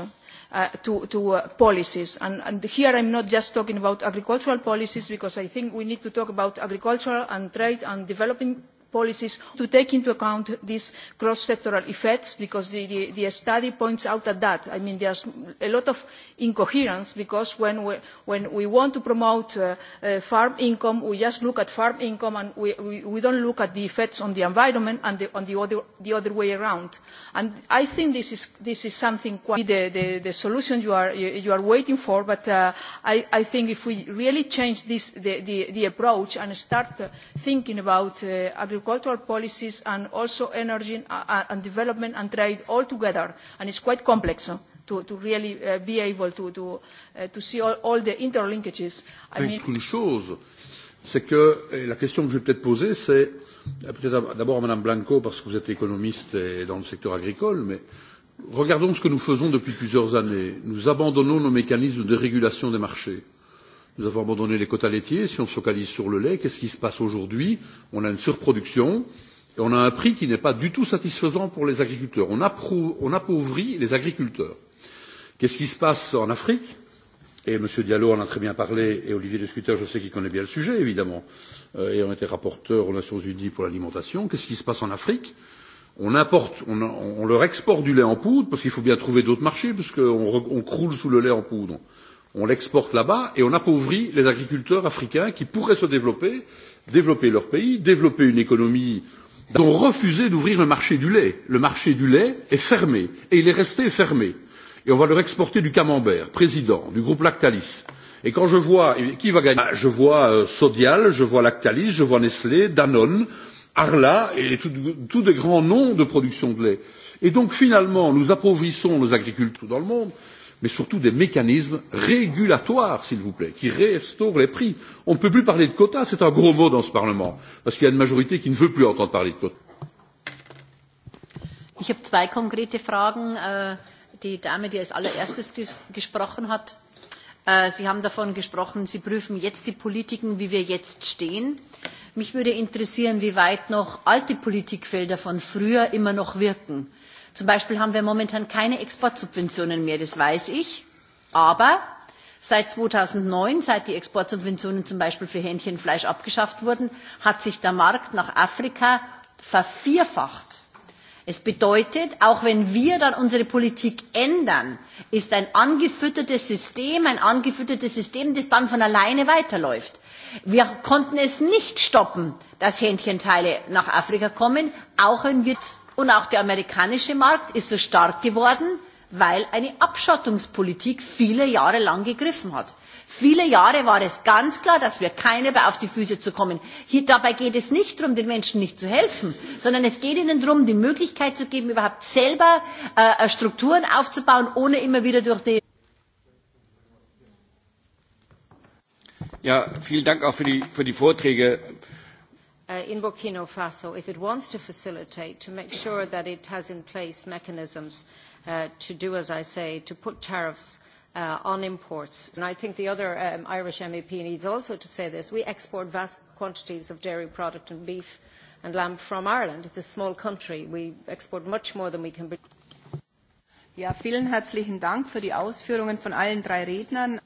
Uh, to, to uh, policies. And, and here I'm not just talking about agricultural policies because I think we need to talk about agricultural and trade and developing policies to take into account these cross sectoral effects because the, the, the study points out at that. I mean, there's a lot of incoherence because when we, when we want to promote uh, uh, farm income, we just look at farm income and we, we, we don't look at the effects on the environment and the, on the other, the other way around. And I think this is, this is something quite the, the, the solution you are, you are waiting for, but uh, I, I think if we really change this, the, the, the approach and start uh, thinking about uh, agriculture agricultural policies and also energy uh, uh, and development and trade all together and it's quite complex huh, to, to really uh, be able to, to, uh, to see all, all the interlinkages. I mean... une chose, c'est que et la question que je vais peut-être poser, c'est euh, peut-être d'abord à Mme Blanco parce que vous êtes économiste et dans le secteur agricole, mais regardons ce que nous faisons depuis plusieurs années. Nous abandonnons nos mécanismes de régulation des marchés Nous avons abandonné les quotas laitiers. Si on se focalise sur le lait, qu'est-ce qui se passe aujourd'hui On a une surproduction et on a un prix qui n'est pas du tout satisfaisant pour les agriculteurs. On, on appauvrit les agriculteurs. Qu'est-ce qui se passe en Afrique Et M. Diallo en a très bien parlé, et Olivier Descuteur, je sais qu'il connaît bien le sujet, évidemment, euh, ayant été rapporteur aux Nations Unies pour l'alimentation. Qu'est-ce qui se passe en Afrique on importe, on, on leur exporte du lait en poudre, parce qu'il faut bien trouver d'autres marchés, puisqu'on on croule sous le lait en poudre. Euh, on l'exporte là-bas et on appauvrit les agriculteurs africains qui pourraient se développer, développer leur pays, développer une économie. Ils ont refusé d'ouvrir le marché du lait. Le marché du lait est fermé et il est resté fermé. Et on va leur exporter du camembert, président du groupe Lactalis. Et quand je vois eh qui va gagner, ah, je vois euh, Sodial, je vois Lactalis, je vois Nestlé, Danone, Arla et tous des grands noms de production de lait. Et donc finalement, nous appauvrissons nos agriculteurs dans le monde mais surtout des mécanismes régulatoires, s'il vous plaît, qui restaurent les prix. On ne peut plus parler de quotas, c'est un gros mot dans ce Parlement, parce qu'il y a une majorité qui ne veut plus entendre parler de quotas. Ich habe zwei konkrete Fragen. Äh, die Dame, die als allererstes ges gesprochen hat, äh, Sie haben davon gesprochen, Sie prüfen jetzt die Politiken, wie wir jetzt stehen. Mich würde interessieren, wie weit noch alte Politikfelder von früher immer noch wirken Zum Beispiel haben wir momentan keine Exportsubventionen mehr, das weiß ich. Aber seit zweitausendneun seit die Exportsubventionen zum Beispiel für Hähnchenfleisch abgeschafft wurden, hat sich der Markt nach Afrika vervierfacht. Es bedeutet, auch wenn wir dann unsere Politik ändern, ist ein angefüttertes System, ein angefüttertes System, das dann von alleine weiterläuft. Wir konnten es nicht stoppen, dass Hähnchenteile nach Afrika kommen, auch wenn wir Und auch der amerikanische Markt ist so stark geworden, weil eine Abschottungspolitik viele Jahre lang gegriffen hat. Viele Jahre war es ganz klar, dass wir keine mehr auf die Füße zu kommen. Hier, dabei geht es nicht darum, den Menschen nicht zu helfen, sondern es geht ihnen darum, die Möglichkeit zu geben, überhaupt selber äh, Strukturen aufzubauen, ohne immer wieder durch die Ja, vielen Dank auch für die, für die Vorträge. Uh, in Burkina Faso, if it wants to facilitate, to make sure that it has in place mechanisms uh, to do, as I say, to put tariffs uh, on imports. And I think the other um, Irish MEP needs also to say this. We export vast quantities of dairy product and beef and lamb from Ireland. It's a small country. We export much more than we can. Ja, vielen herzlichen Dank für die Ausführungen von allen drei Rednern.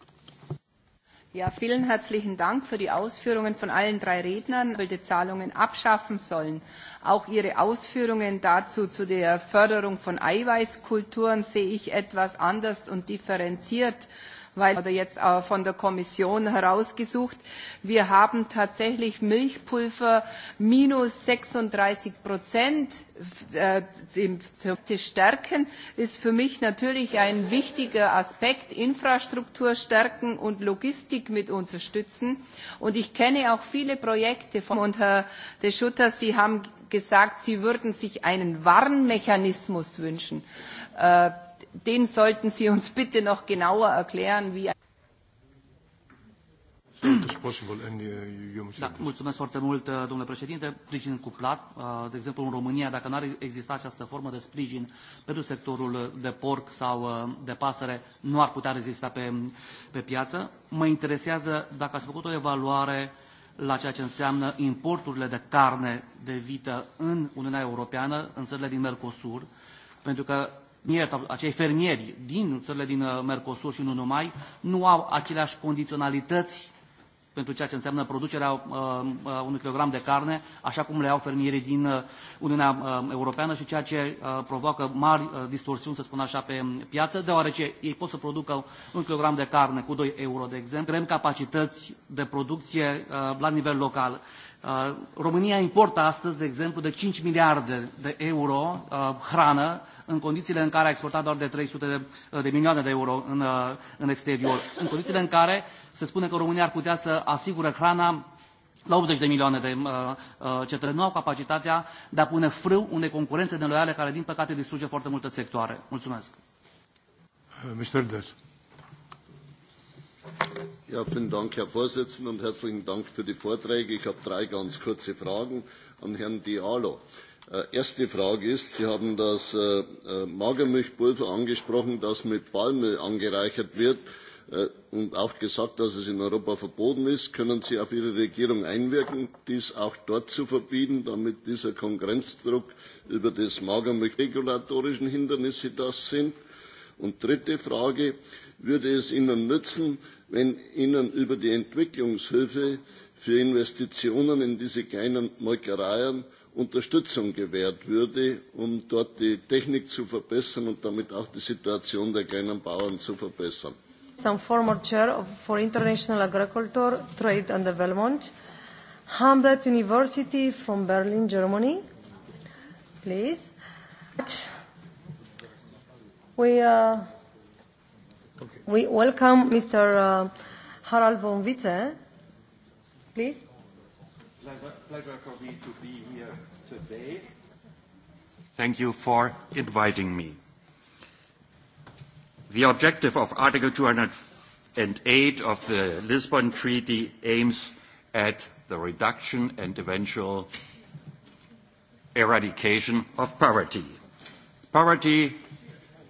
Ja, vielen herzlichen Dank für die Ausführungen von allen drei Rednern, welche Zahlungen abschaffen sollen. Auch Ihre Ausführungen dazu zu der Förderung von Eiweißkulturen sehe ich etwas anders und differenziert weil oder jetzt äh, von der Kommission herausgesucht. Wir haben tatsächlich Milchpulver minus 36 Prozent zu äh, stärken, ist für mich natürlich ein wichtiger Aspekt, Infrastruktur stärken und Logistik mit unterstützen. Und ich kenne auch viele Projekte von, und Herr De Schutter, Sie haben gesagt, Sie würden sich einen Warnmechanismus wünschen. Äh, den sollten Sie uns bitte noch genauer erklären, wie. Uh, da, mulțumesc foarte mult, uh, domnule președinte. Sprijin cuplat. Uh, de exemplu, în România, dacă n-ar exista această formă de sprijin pentru sectorul de porc sau de pasăre, nu ar putea rezista pe, pe piață. Mă interesează dacă ați făcut o evaluare la ceea ce înseamnă importurile de carne de vită în Uniunea Europeană, în țările din Mercosur, pentru că acei fermieri din țările din uh, Mercosur și nu numai, nu au aceleași condiționalități pentru ceea ce înseamnă producerea uh, uh unui kilogram de carne, așa cum le au fermierii din uh, Uniunea Europeană și ceea ce uh, provoacă mari uh, distorsiuni, să spun așa, pe um, piață, deoarece ei pot să producă un kilogram de carne cu 2 euro, de exemplu. Creăm capacități de producție uh, la nivel local. Uh, România importă astăzi, de exemplu, de 5 miliarde de euro uh, hrană în condițiile în care a exportat doar de 300 de, de milioane de euro în, în exterior, în condițiile în care se spune că România ar putea să asigure hrana la 80 de milioane de uh, uh, cetățeni nu au capacitatea de a pune frâu unei concurențe neloiale care, din păcate, distruge foarte multe sectoare. Mulțumesc. Uh, Mr. Des. Ja, vielen Dank, Herr Vorsitzender, und herzlichen Dank für die Vorträge. Ich habe drei ganz kurze Fragen an Herrn Diallo. Äh, Äh, erste Frage ist, Sie haben das äh, äh, Magermilchpulver angesprochen, das mit Palmöl angereichert wird und auch gesagt, dass es in Europa verboten ist. Können Sie auf Ihre Regierung einwirken, dies auch dort zu verbieten, damit dieser Konkurrenzdruck über das Magermilch regulatorischen Hindernisse das sind? Und dritte Frage, würde es Ihnen nützen, wenn Ihnen über die Entwicklungshilfe für Investitionen in diese kleinen Molkereien Unterstützung gewährt würde, um dort die Technik zu verbessern und damit auch die Situation der kleinen Bauern zu verbessern. former chair of, for international agriculture, trade and development, Humboldt University from Berlin, Germany. Please. We, uh, we welcome Mr. Uh, Harald von Witze. Please pleasure, for me to be here today. Thank you for inviting me. The objective of Article 208 of the Lisbon Treaty aims at the reduction and eventual eradication of poverty. Poverty,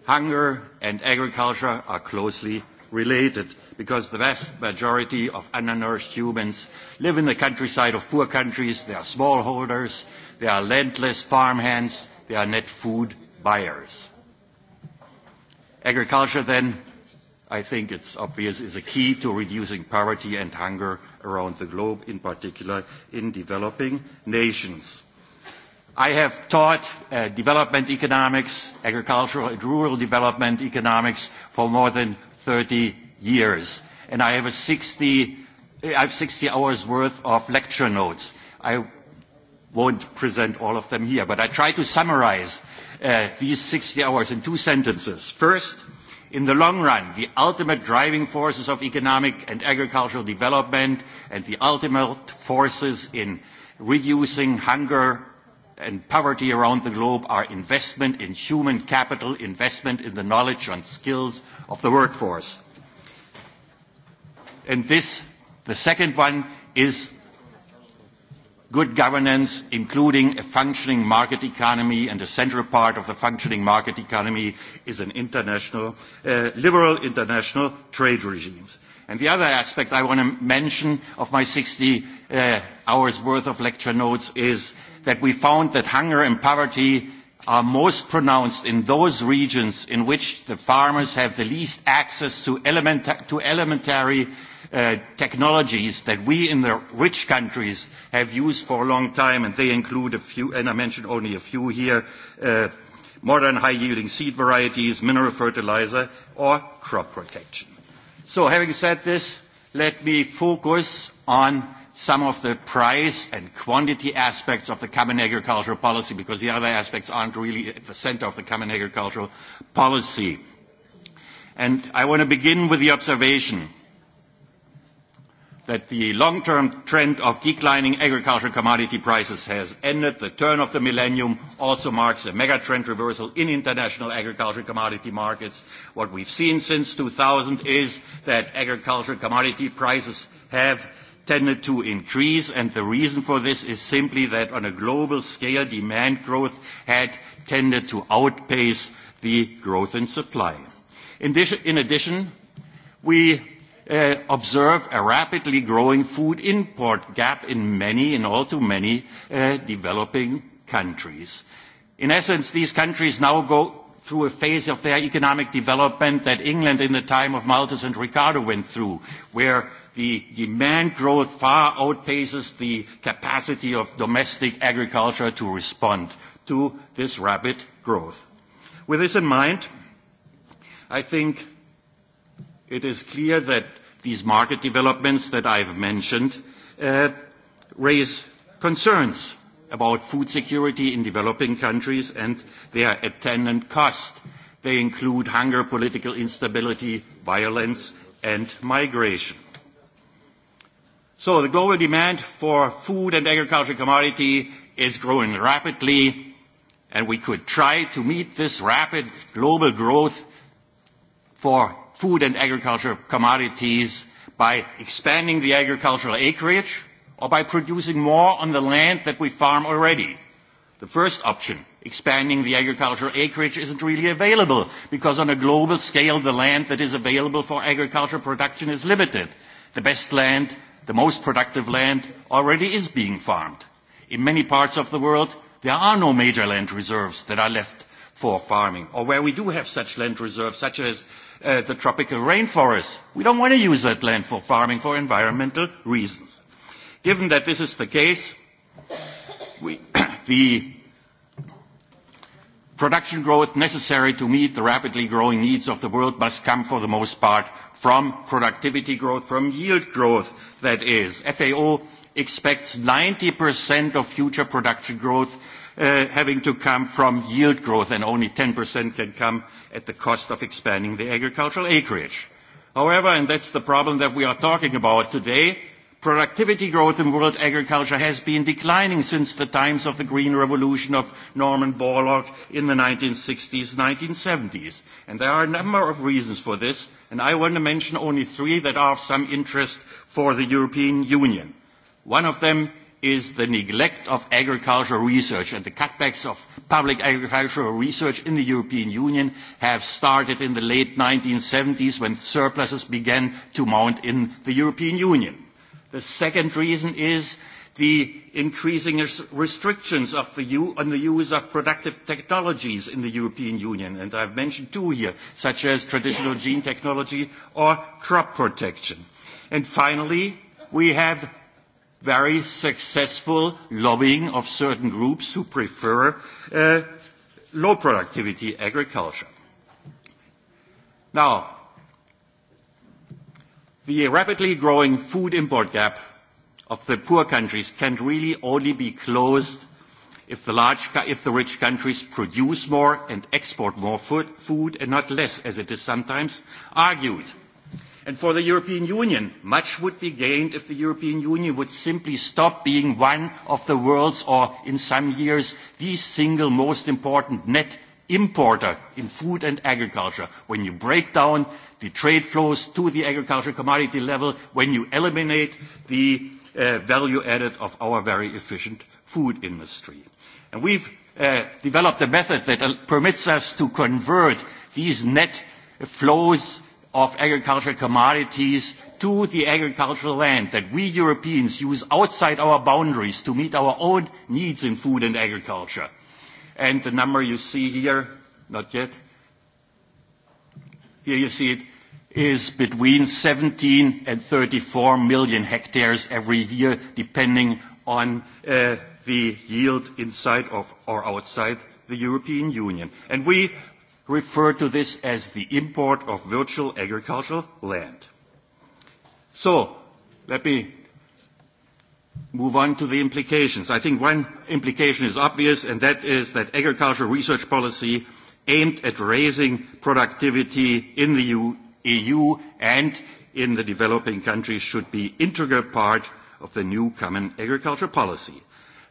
hunger, and agriculture are closely related because the vast majority of unnourished humans live in the countryside of poor countries. They are smallholders, they are landless farmhands, they are net food buyers. Agriculture then, I think it's obvious, is a key to reducing poverty and hunger around the globe, in particular in developing nations. I have taught uh, development economics, agricultural and rural development economics for more than 30 years. And I have, a 60, I have 60 hours worth of lecture notes. I won't present all of them here, but I try to summarize uh, these 60 hours in two sentences. First, in the long run, the ultimate driving forces of economic and agricultural development and the ultimate forces in reducing hunger and poverty around the globe are investment in human capital, investment in the knowledge and skills of the workforce. And this, the second one, is good governance, including a functioning market economy, and a central part of a functioning market economy is an international, uh, liberal international trade regimes. And the other aspect I want to mention of my 60 uh, hours worth of lecture notes is that we found that hunger and poverty are most pronounced in those regions in which the farmers have the least access to, elementa to elementary Uh, technologies that we in the rich countries have used for a long time, and they include a few, and I mentioned only a few here, uh, modern high-yielding seed varieties, mineral fertilizer, or crop protection. So having said this, let me focus on some of the price and quantity aspects of the common agricultural policy because the other aspects aren't really at the center of the common agricultural policy. And I want to begin with the observation that the long-term trend of declining agricultural commodity prices has ended. The turn of the millennium also marks a mega trend reversal in international agricultural commodity markets. What we've seen since 2000 is that agricultural commodity prices have tended to increase, and the reason for this is simply that on a global scale, demand growth had tended to outpace the growth in supply. In addition, we Uh, observe a rapidly growing food import gap in many, in all too many, uh, developing countries. In essence, these countries now go through a phase of their economic development that England in the time of Malthus and Ricardo went through, where the demand growth far outpaces the capacity of domestic agriculture to respond to this rapid growth. With this in mind, I think it is clear that these market developments that I've mentioned uh, raise concerns about food security in developing countries and their attendant cost. They include hunger, political instability, violence, and migration. So the global demand for food and agricultural commodity is growing rapidly, and we could try to meet this rapid global growth for food and agricultural commodities by expanding the agricultural acreage or by producing more on the land that we farm already. The first option, expanding the agricultural acreage, isn't really available because on a global scale, the land that is available for agricultural production is limited. The best land, the most productive land, already is being farmed. In many parts of the world, there are no major land reserves that are left for farming, or where we do have such land reserves, such as uh, the tropical rainforests. We don't want to use that land for farming for environmental reasons. Given that this is the case, we, <coughs> the production growth necessary to meet the rapidly growing needs of the world must come for the most part from productivity growth, from yield growth, that is. FAO expects 90% of future production growth Uh, having to come from yield growth, and only 10% can come at the cost of expanding the agricultural acreage. However, and that's the problem that we are talking about today, productivity growth in world agriculture has been declining since the times of the Green Revolution of Norman Borlaug in the 1960s, 1970s. And there are a number of reasons for this, and I want to mention only three that are of some interest for the European Union. One of them is the neglect of agricultural research and the cutbacks of public agricultural research in the European Union have started in the late 1970s when surpluses began to mount in the European Union. The second reason is the increasing restrictions of the U on the use of productive technologies in the European Union, and I've mentioned two here, such as traditional gene technology or crop protection. And finally, we have very successful lobbying of certain groups who prefer uh, low productivity agriculture. Now, the rapidly growing food import gap of the poor countries can really only be closed if the, large, if the rich countries produce more and export more food, food and not less, as it is sometimes argued. And for the European Union, much would be gained if the European Union would simply stop being one of the world's, or in some years, the single most important net importer in food and agriculture. When you break down the trade flows to the agricultural commodity level, when you eliminate the uh, value added of our very efficient food industry. And we've uh, developed a method that permits us to convert these net flows of agricultural commodities to the agricultural land that we Europeans use outside our boundaries to meet our own needs in food and agriculture. And the number you see here, not yet, here you see it, is between 17 and 34 million hectares every year, depending on uh, the yield inside of or outside the European Union. And we refer to this as the import of virtual agricultural land. So, let me move on to the implications. I think one implication is obvious, and that is that agricultural research policy aimed at raising productivity in the EU e and in the developing countries should be integral part of the new common agriculture policy.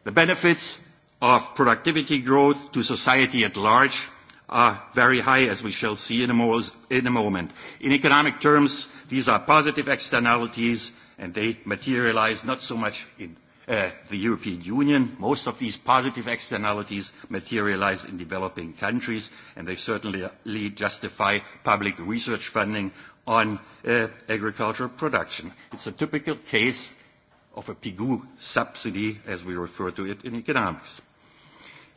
The benefits of productivity growth to society at large are very high, as we shall see in a, mo in a moment. In economic terms, these are positive externalities, and they materialize not so much in uh, the European Union. Most of these positive externalities materialize in developing countries, and they certainly justify public research funding on uh, agricultural production. It's a typical case of a PIGU subsidy, as we refer to it in economics.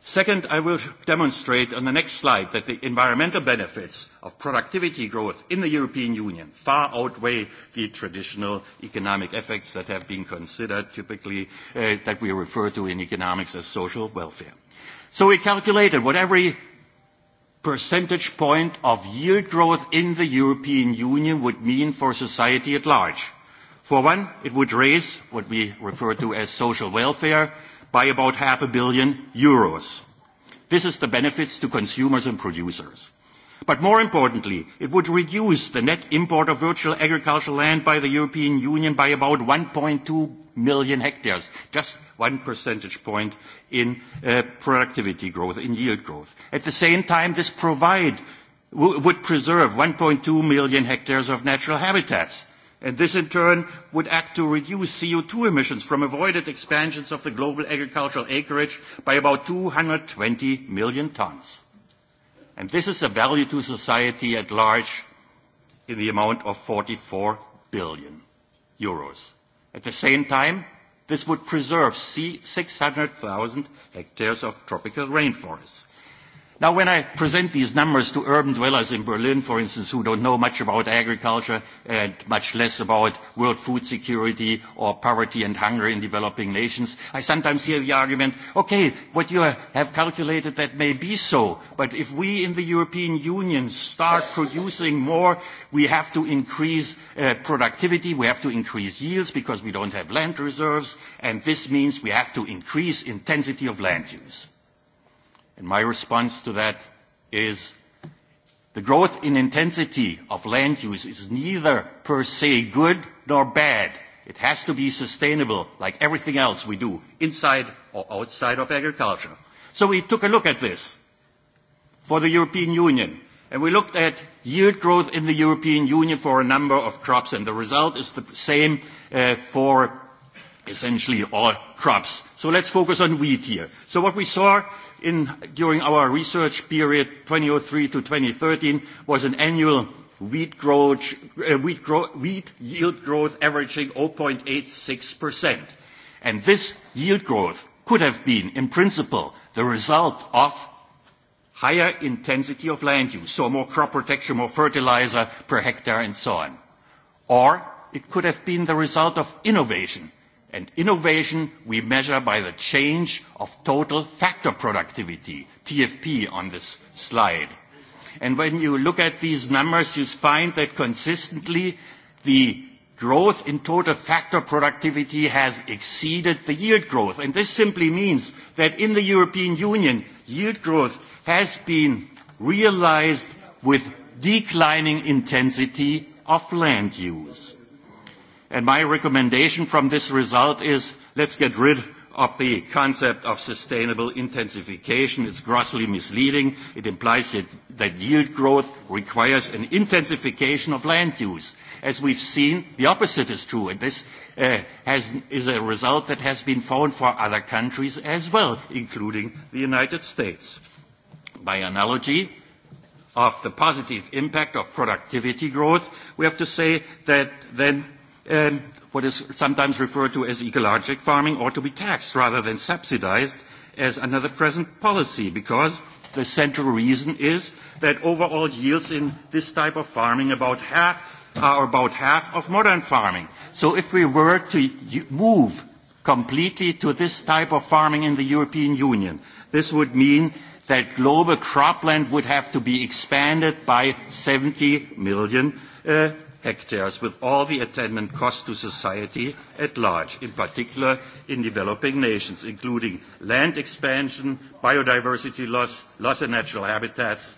Second, I will demonstrate on the next slide that the environmental benefits of productivity growth in the European Union far outweigh the traditional economic effects that have been considered typically uh, that we refer to in economics as social welfare. So we calculated what every percentage point of yield growth in the European Union would mean for society at large. For one, it would raise what we refer to as social welfare by about half a billion euros. This is the benefits to consumers and producers. But more importantly, it would reduce the net import of virtual agricultural land by the European Union by about 1.2 million hectares, just one percentage point in uh, productivity growth, in yield growth. At the same time, this provide, would preserve 1.2 million hectares of natural habitats and this in turn would act to reduce CO2 emissions from avoided expansions of the global agricultural acreage by about 220 million tons. And this is a value to society at large in the amount of 44 billion euros. At the same time, this would preserve 600,000 hectares of tropical rainforests. Now, when I present these numbers to urban dwellers in Berlin, for instance, who don't know much about agriculture and much less about world food security or poverty and hunger in developing nations, I sometimes hear the argument, okay, what you have calculated, that may be so, but if we in the European Union start producing more, we have to increase uh, productivity, we have to increase yields because we don't have land reserves, and this means we have to increase intensity of land use. And my response to that is the growth in intensity of land use is neither per se good nor bad. It has to be sustainable like everything else we do inside or outside of agriculture. So we took a look at this for the European Union and we looked at yield growth in the European Union for a number of crops and the result is the same uh, for essentially all crops. So let's focus on wheat here. So what we saw in, during our research period 2003 to 2013 was an annual wheat, growth, uh, wheat, yield growth averaging 0.86%. And this yield growth could have been, in principle, the result of higher intensity of land use, so more crop protection, more fertilizer per hectare, and so on. Or it could have been the result of innovation, and innovation we measure by the change of total factor productivity, TFP on this slide. And when you look at these numbers, you find that consistently the growth in total factor productivity has exceeded the yield growth. And this simply means that in the European Union, yield growth has been realized with declining intensity of land use my recommendation from this result is let's get rid of the concept of sustainable intensification. It's grossly misleading. It implies that, yield growth requires an intensification of land use. As we've seen, the opposite is true, and this uh, is a result that has been found for other countries as well, including the United States. By analogy of the positive impact of productivity growth, we have to say that then what is sometimes referred to as ecologic farming ought to be taxed rather than subsidized as another present policy because the central reason is that overall yields in this type of farming about half are about half of modern farming. So if we were to move completely to this type of farming in the European Union, this would mean that global cropland would have to be expanded by 70 million uh, hectares with all the attendant cost to society at large, in particular in developing nations, including land expansion, biodiversity loss, loss of natural habitats,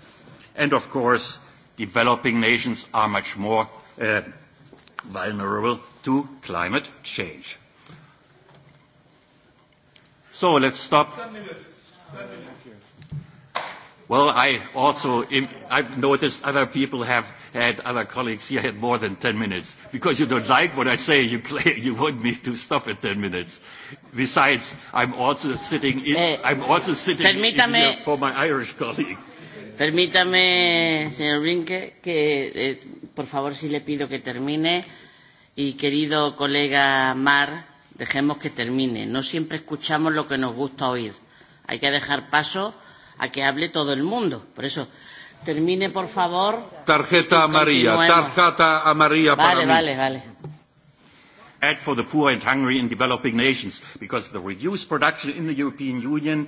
and of course, developing nations are much more uh, vulnerable to climate change. So let's stop. 10 minutes. 10 minutes. Well, I also, I've noticed other people have had, other colleagues here had more than 10 minutes. Because you don't like what I say, you, claim, <laughs> you want me to stop at 10 minutes. Besides, I'm also sitting, in, eh, I'm also sitting in here for my Irish colleague. Permítame, señor Rinke, que eh, por favor si le pido que termine y querido colega Mar, dejemos que termine. No siempre escuchamos lo que nos gusta oír. Hay que dejar paso a que hable todo el mundo. Por eso, termine, por favor. Tarjeta amarilla, tarjeta amarilla para vale, mí. Vale, vale, vale add for the poor and hungry in developing nations because the reduced production in the European Union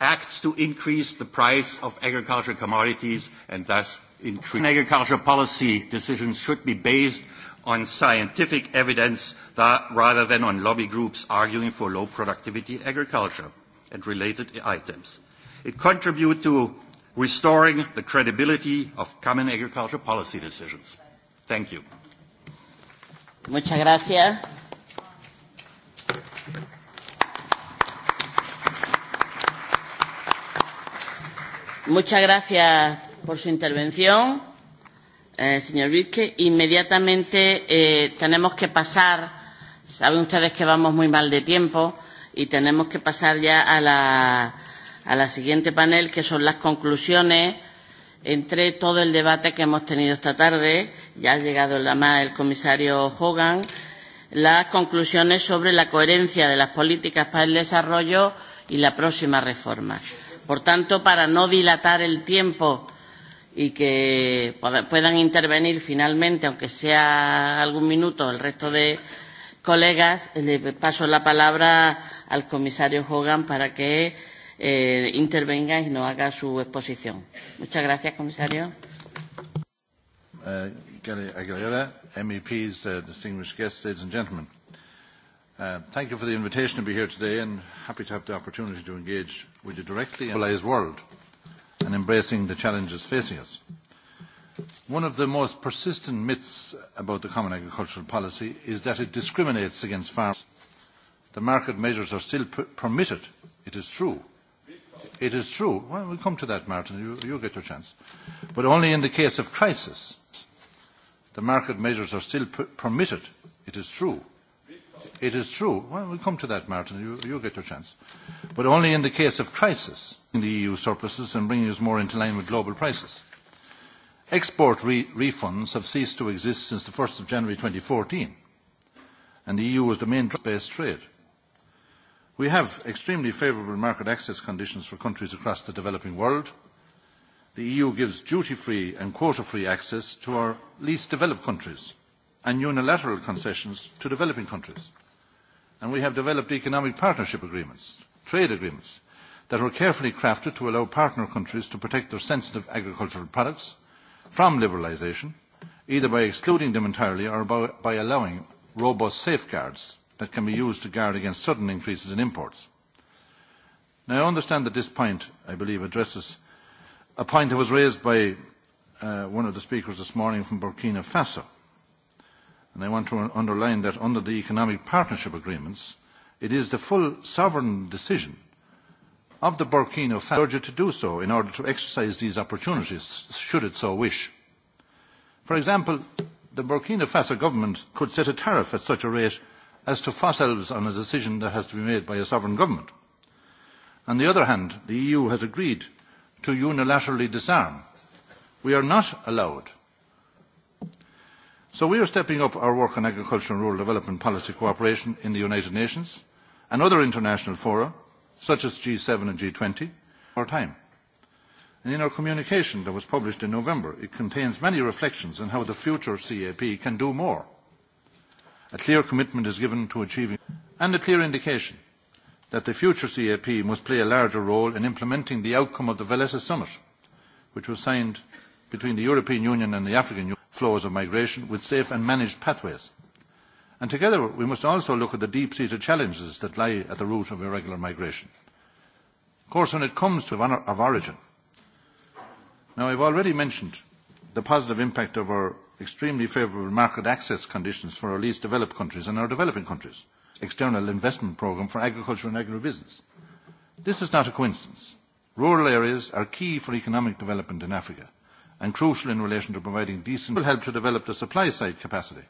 acts to increase the price of agricultural commodities and thus increase. Agricultural policy decisions should be based on scientific evidence that, rather than on lobby groups arguing for low productivity agriculture and related items. It contribute to restoring the credibility of common agriculture policy decisions. Thank you. Muchas gracias. Muchas gracias por su intervención, eh, señor Virke. Inmediatamente eh, tenemos que pasar, saben ustedes que vamos muy mal de tiempo, y tenemos que pasar ya a la a la siguiente panel, que son las conclusiones entre todo el debate que hemos tenido esta tarde. Ya ha llegado la más el comisario Hogan las conclusiones sobre la coherencia de las políticas para el desarrollo y la próxima reforma. Por tanto, para no dilatar el tiempo y que puedan intervenir finalmente, aunque sea algún minuto, el resto de colegas, le paso la palabra al comisario Hogan para que eh, intervenga y nos haga su exposición. Muchas gracias, comisario. Uh, Aguilera, MEPs, uh, distinguished guests, ladies and gentlemen. Uh, thank you for the invitation to be here today and happy to have the opportunity to engage with you directly in the world and embracing the challenges facing us. One of the most persistent myths about the common agricultural policy is that it discriminates against farmers. The market measures are still permitted, it is true, It is true. Well, we'll come to that, Martin. You, you'll get your chance. But only in the case of crisis. The market measures are still per- permitted. It is true. It is true. Well, we'll come to that, Martin. You, you'll get your chance. But only in the case of crisis in the EU surpluses and bringing us more into line with global prices. Export re- refunds have ceased to exist since the 1st of January 2014, and the EU was the main base trade. We have extremely favourable market access conditions for countries across the developing world. The EU gives duty-free and quota-free access to our least developed countries and unilateral concessions to developing countries. And we have developed economic partnership agreements, trade agreements, that were carefully crafted to allow partner countries to protect their sensitive agricultural products from liberalisation, either by excluding them entirely or by, by allowing robust safeguards that can be used to guard against sudden increases in imports. Now, I understand that this point, I believe, addresses a point that was raised by uh, one of the speakers this morning from Burkina Faso. And I want to underline that under the economic partnership agreements, it is the full sovereign decision of the Burkina Faso to do so in order to exercise these opportunities, should it so wish. For example, the Burkina Faso government could set a tariff at such a rate as to fossils on a decision that has to be made by a sovereign government. On the other hand, the EU has agreed to unilaterally disarm. We are not allowed. So we are stepping up our work on agriculture and rural development policy cooperation in the United Nations and other international fora, such as G7 and G20, our time. And in our communication that was published in November, it contains many reflections on how the future CAP can do more a clear commitment is given to achieving and a clear indication that the future cap must play a larger role in implementing the outcome of the valletta summit which was signed between the european union and the african union flows of migration with safe and managed pathways. And together we must also look at the deep-seated challenges that lie at the root of irregular migration. Of course, when it comes to honour of origin, now I've already mentioned the positive impact of our extremely favourable market access conditions for our least developed countries and our developing countries, external investment programme for agriculture and agribusiness. This is not a coincidence. Rural areas are key for economic development in Africa and crucial in relation to providing decent help to develop the supply side capacity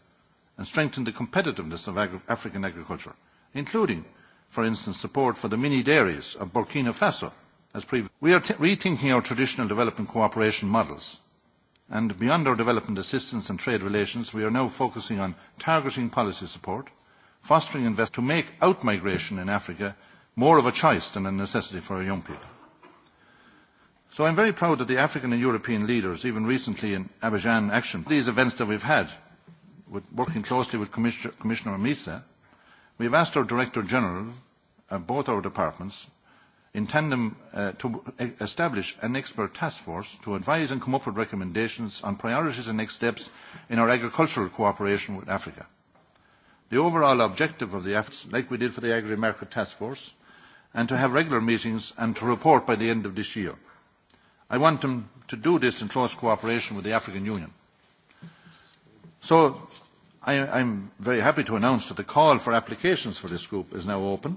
and strengthen the competitiveness of agri- African agriculture, including, for instance, support for the mini dairies of Burkina Faso. As We are rethinking our traditional development cooperation models and beyond our development assistance and trade relations, we are now focusing on targeting policy support, fostering investment to make out migration in Africa more of a choice than a necessity for our young people. So I'm very proud that the African and European leaders, even recently in Abidjan Action, these events that we've had, with, working closely with Commissioner, Commissioner Misa, we've asked our Director General of both our departments in tandem uh, to e-, establish an expert task force to advise and come up with recommendations on priorities and next steps in our agricultural cooperation with Africa. The overall objective of the efforts, like we did for the Agri-Market Task Force, and to have regular meetings and to report by the end of this year. I want them to do this in close cooperation with the African Union. So I, I'm very happy to announce that the call for applications for this group is now open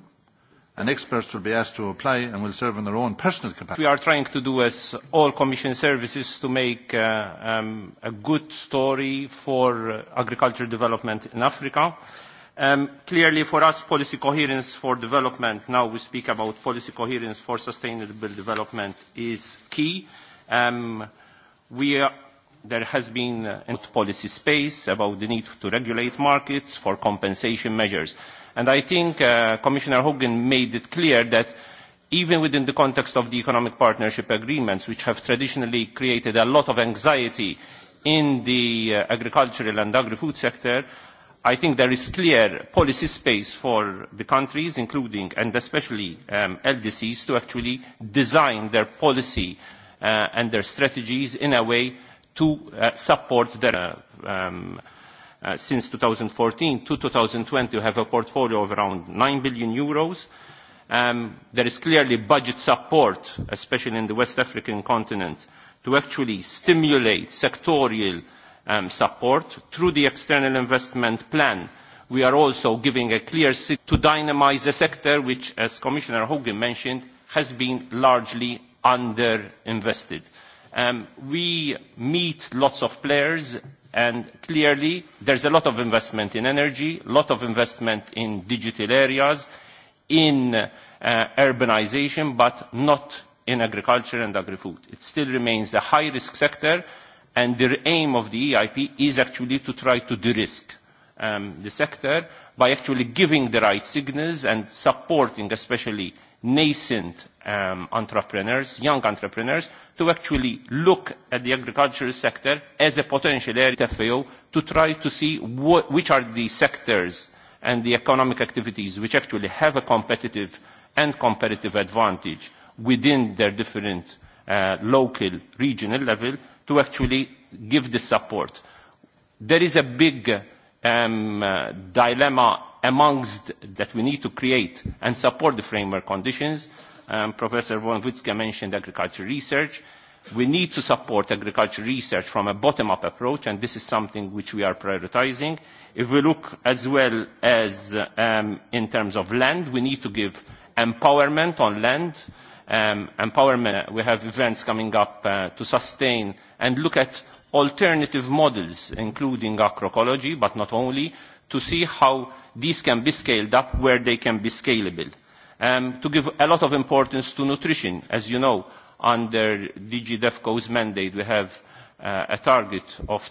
and experts will be asked to apply and will serve in their own personal capacity. We are trying to do as all Commission services to make uh, um, a good story for uh, agricultural development in Africa. Um, clearly for us, policy coherence for development, now we speak about policy coherence for sustainable development, is key. Um, we are, there has been a uh, policy space about the need to regulate markets for compensation measures And I think uh, Commissioner Hogan made it clear that even within the context of the economic partnership agreements, which have traditionally created a lot of anxiety in the uh, agricultural and agri-food sector, I think there is clear policy space for the countries, including and especially um, LDCs, to actually design their policy uh, and their strategies in a way to uh, support their uh, um, Uh, since 2014 to 2020, we have a portfolio of around 9 billion euros. Um, there is clearly budget support, especially in the West African continent, to actually stimulate sectorial um, support. Through the external investment plan, we are also giving a clear signal to dynamize a sector which, as Commissioner Hogan mentioned, has been largely underinvested. Um, we meet lots of players and clearly there's a lot of investment in energy, a lot of investment in digital areas, in uh, urbanization, but not in agriculture and agri-food. It still remains a high-risk sector, and the aim of the EIP is actually to try to de-risk um, the sector by actually giving the right signals and supporting especially nascent um, entrepreneurs, young entrepreneurs, to actually look at the agricultural sector as a potential area of FAO to try to see what, which are the sectors and the economic activities which actually have a competitive and comparative advantage within their different uh, local, regional level to actually give the support. There is a big uh, um, uh, dilemma amongst that we need to create and support the framework conditions. Um, Professor von Witzke mentioned agriculture research. We need to support agriculture research from a bottom-up approach, and this is something which we are prioritizing. If we look as well as um, in terms of land, we need to give empowerment on land. Um, empowerment, we have events coming up uh, to sustain and look at alternative models, including agroecology, but not only, to see how these can be scaled up where they can be scalable. Um, to give a lot of importance to nutrition, as you know, under DG DEFCO's mandate, we have uh, a target of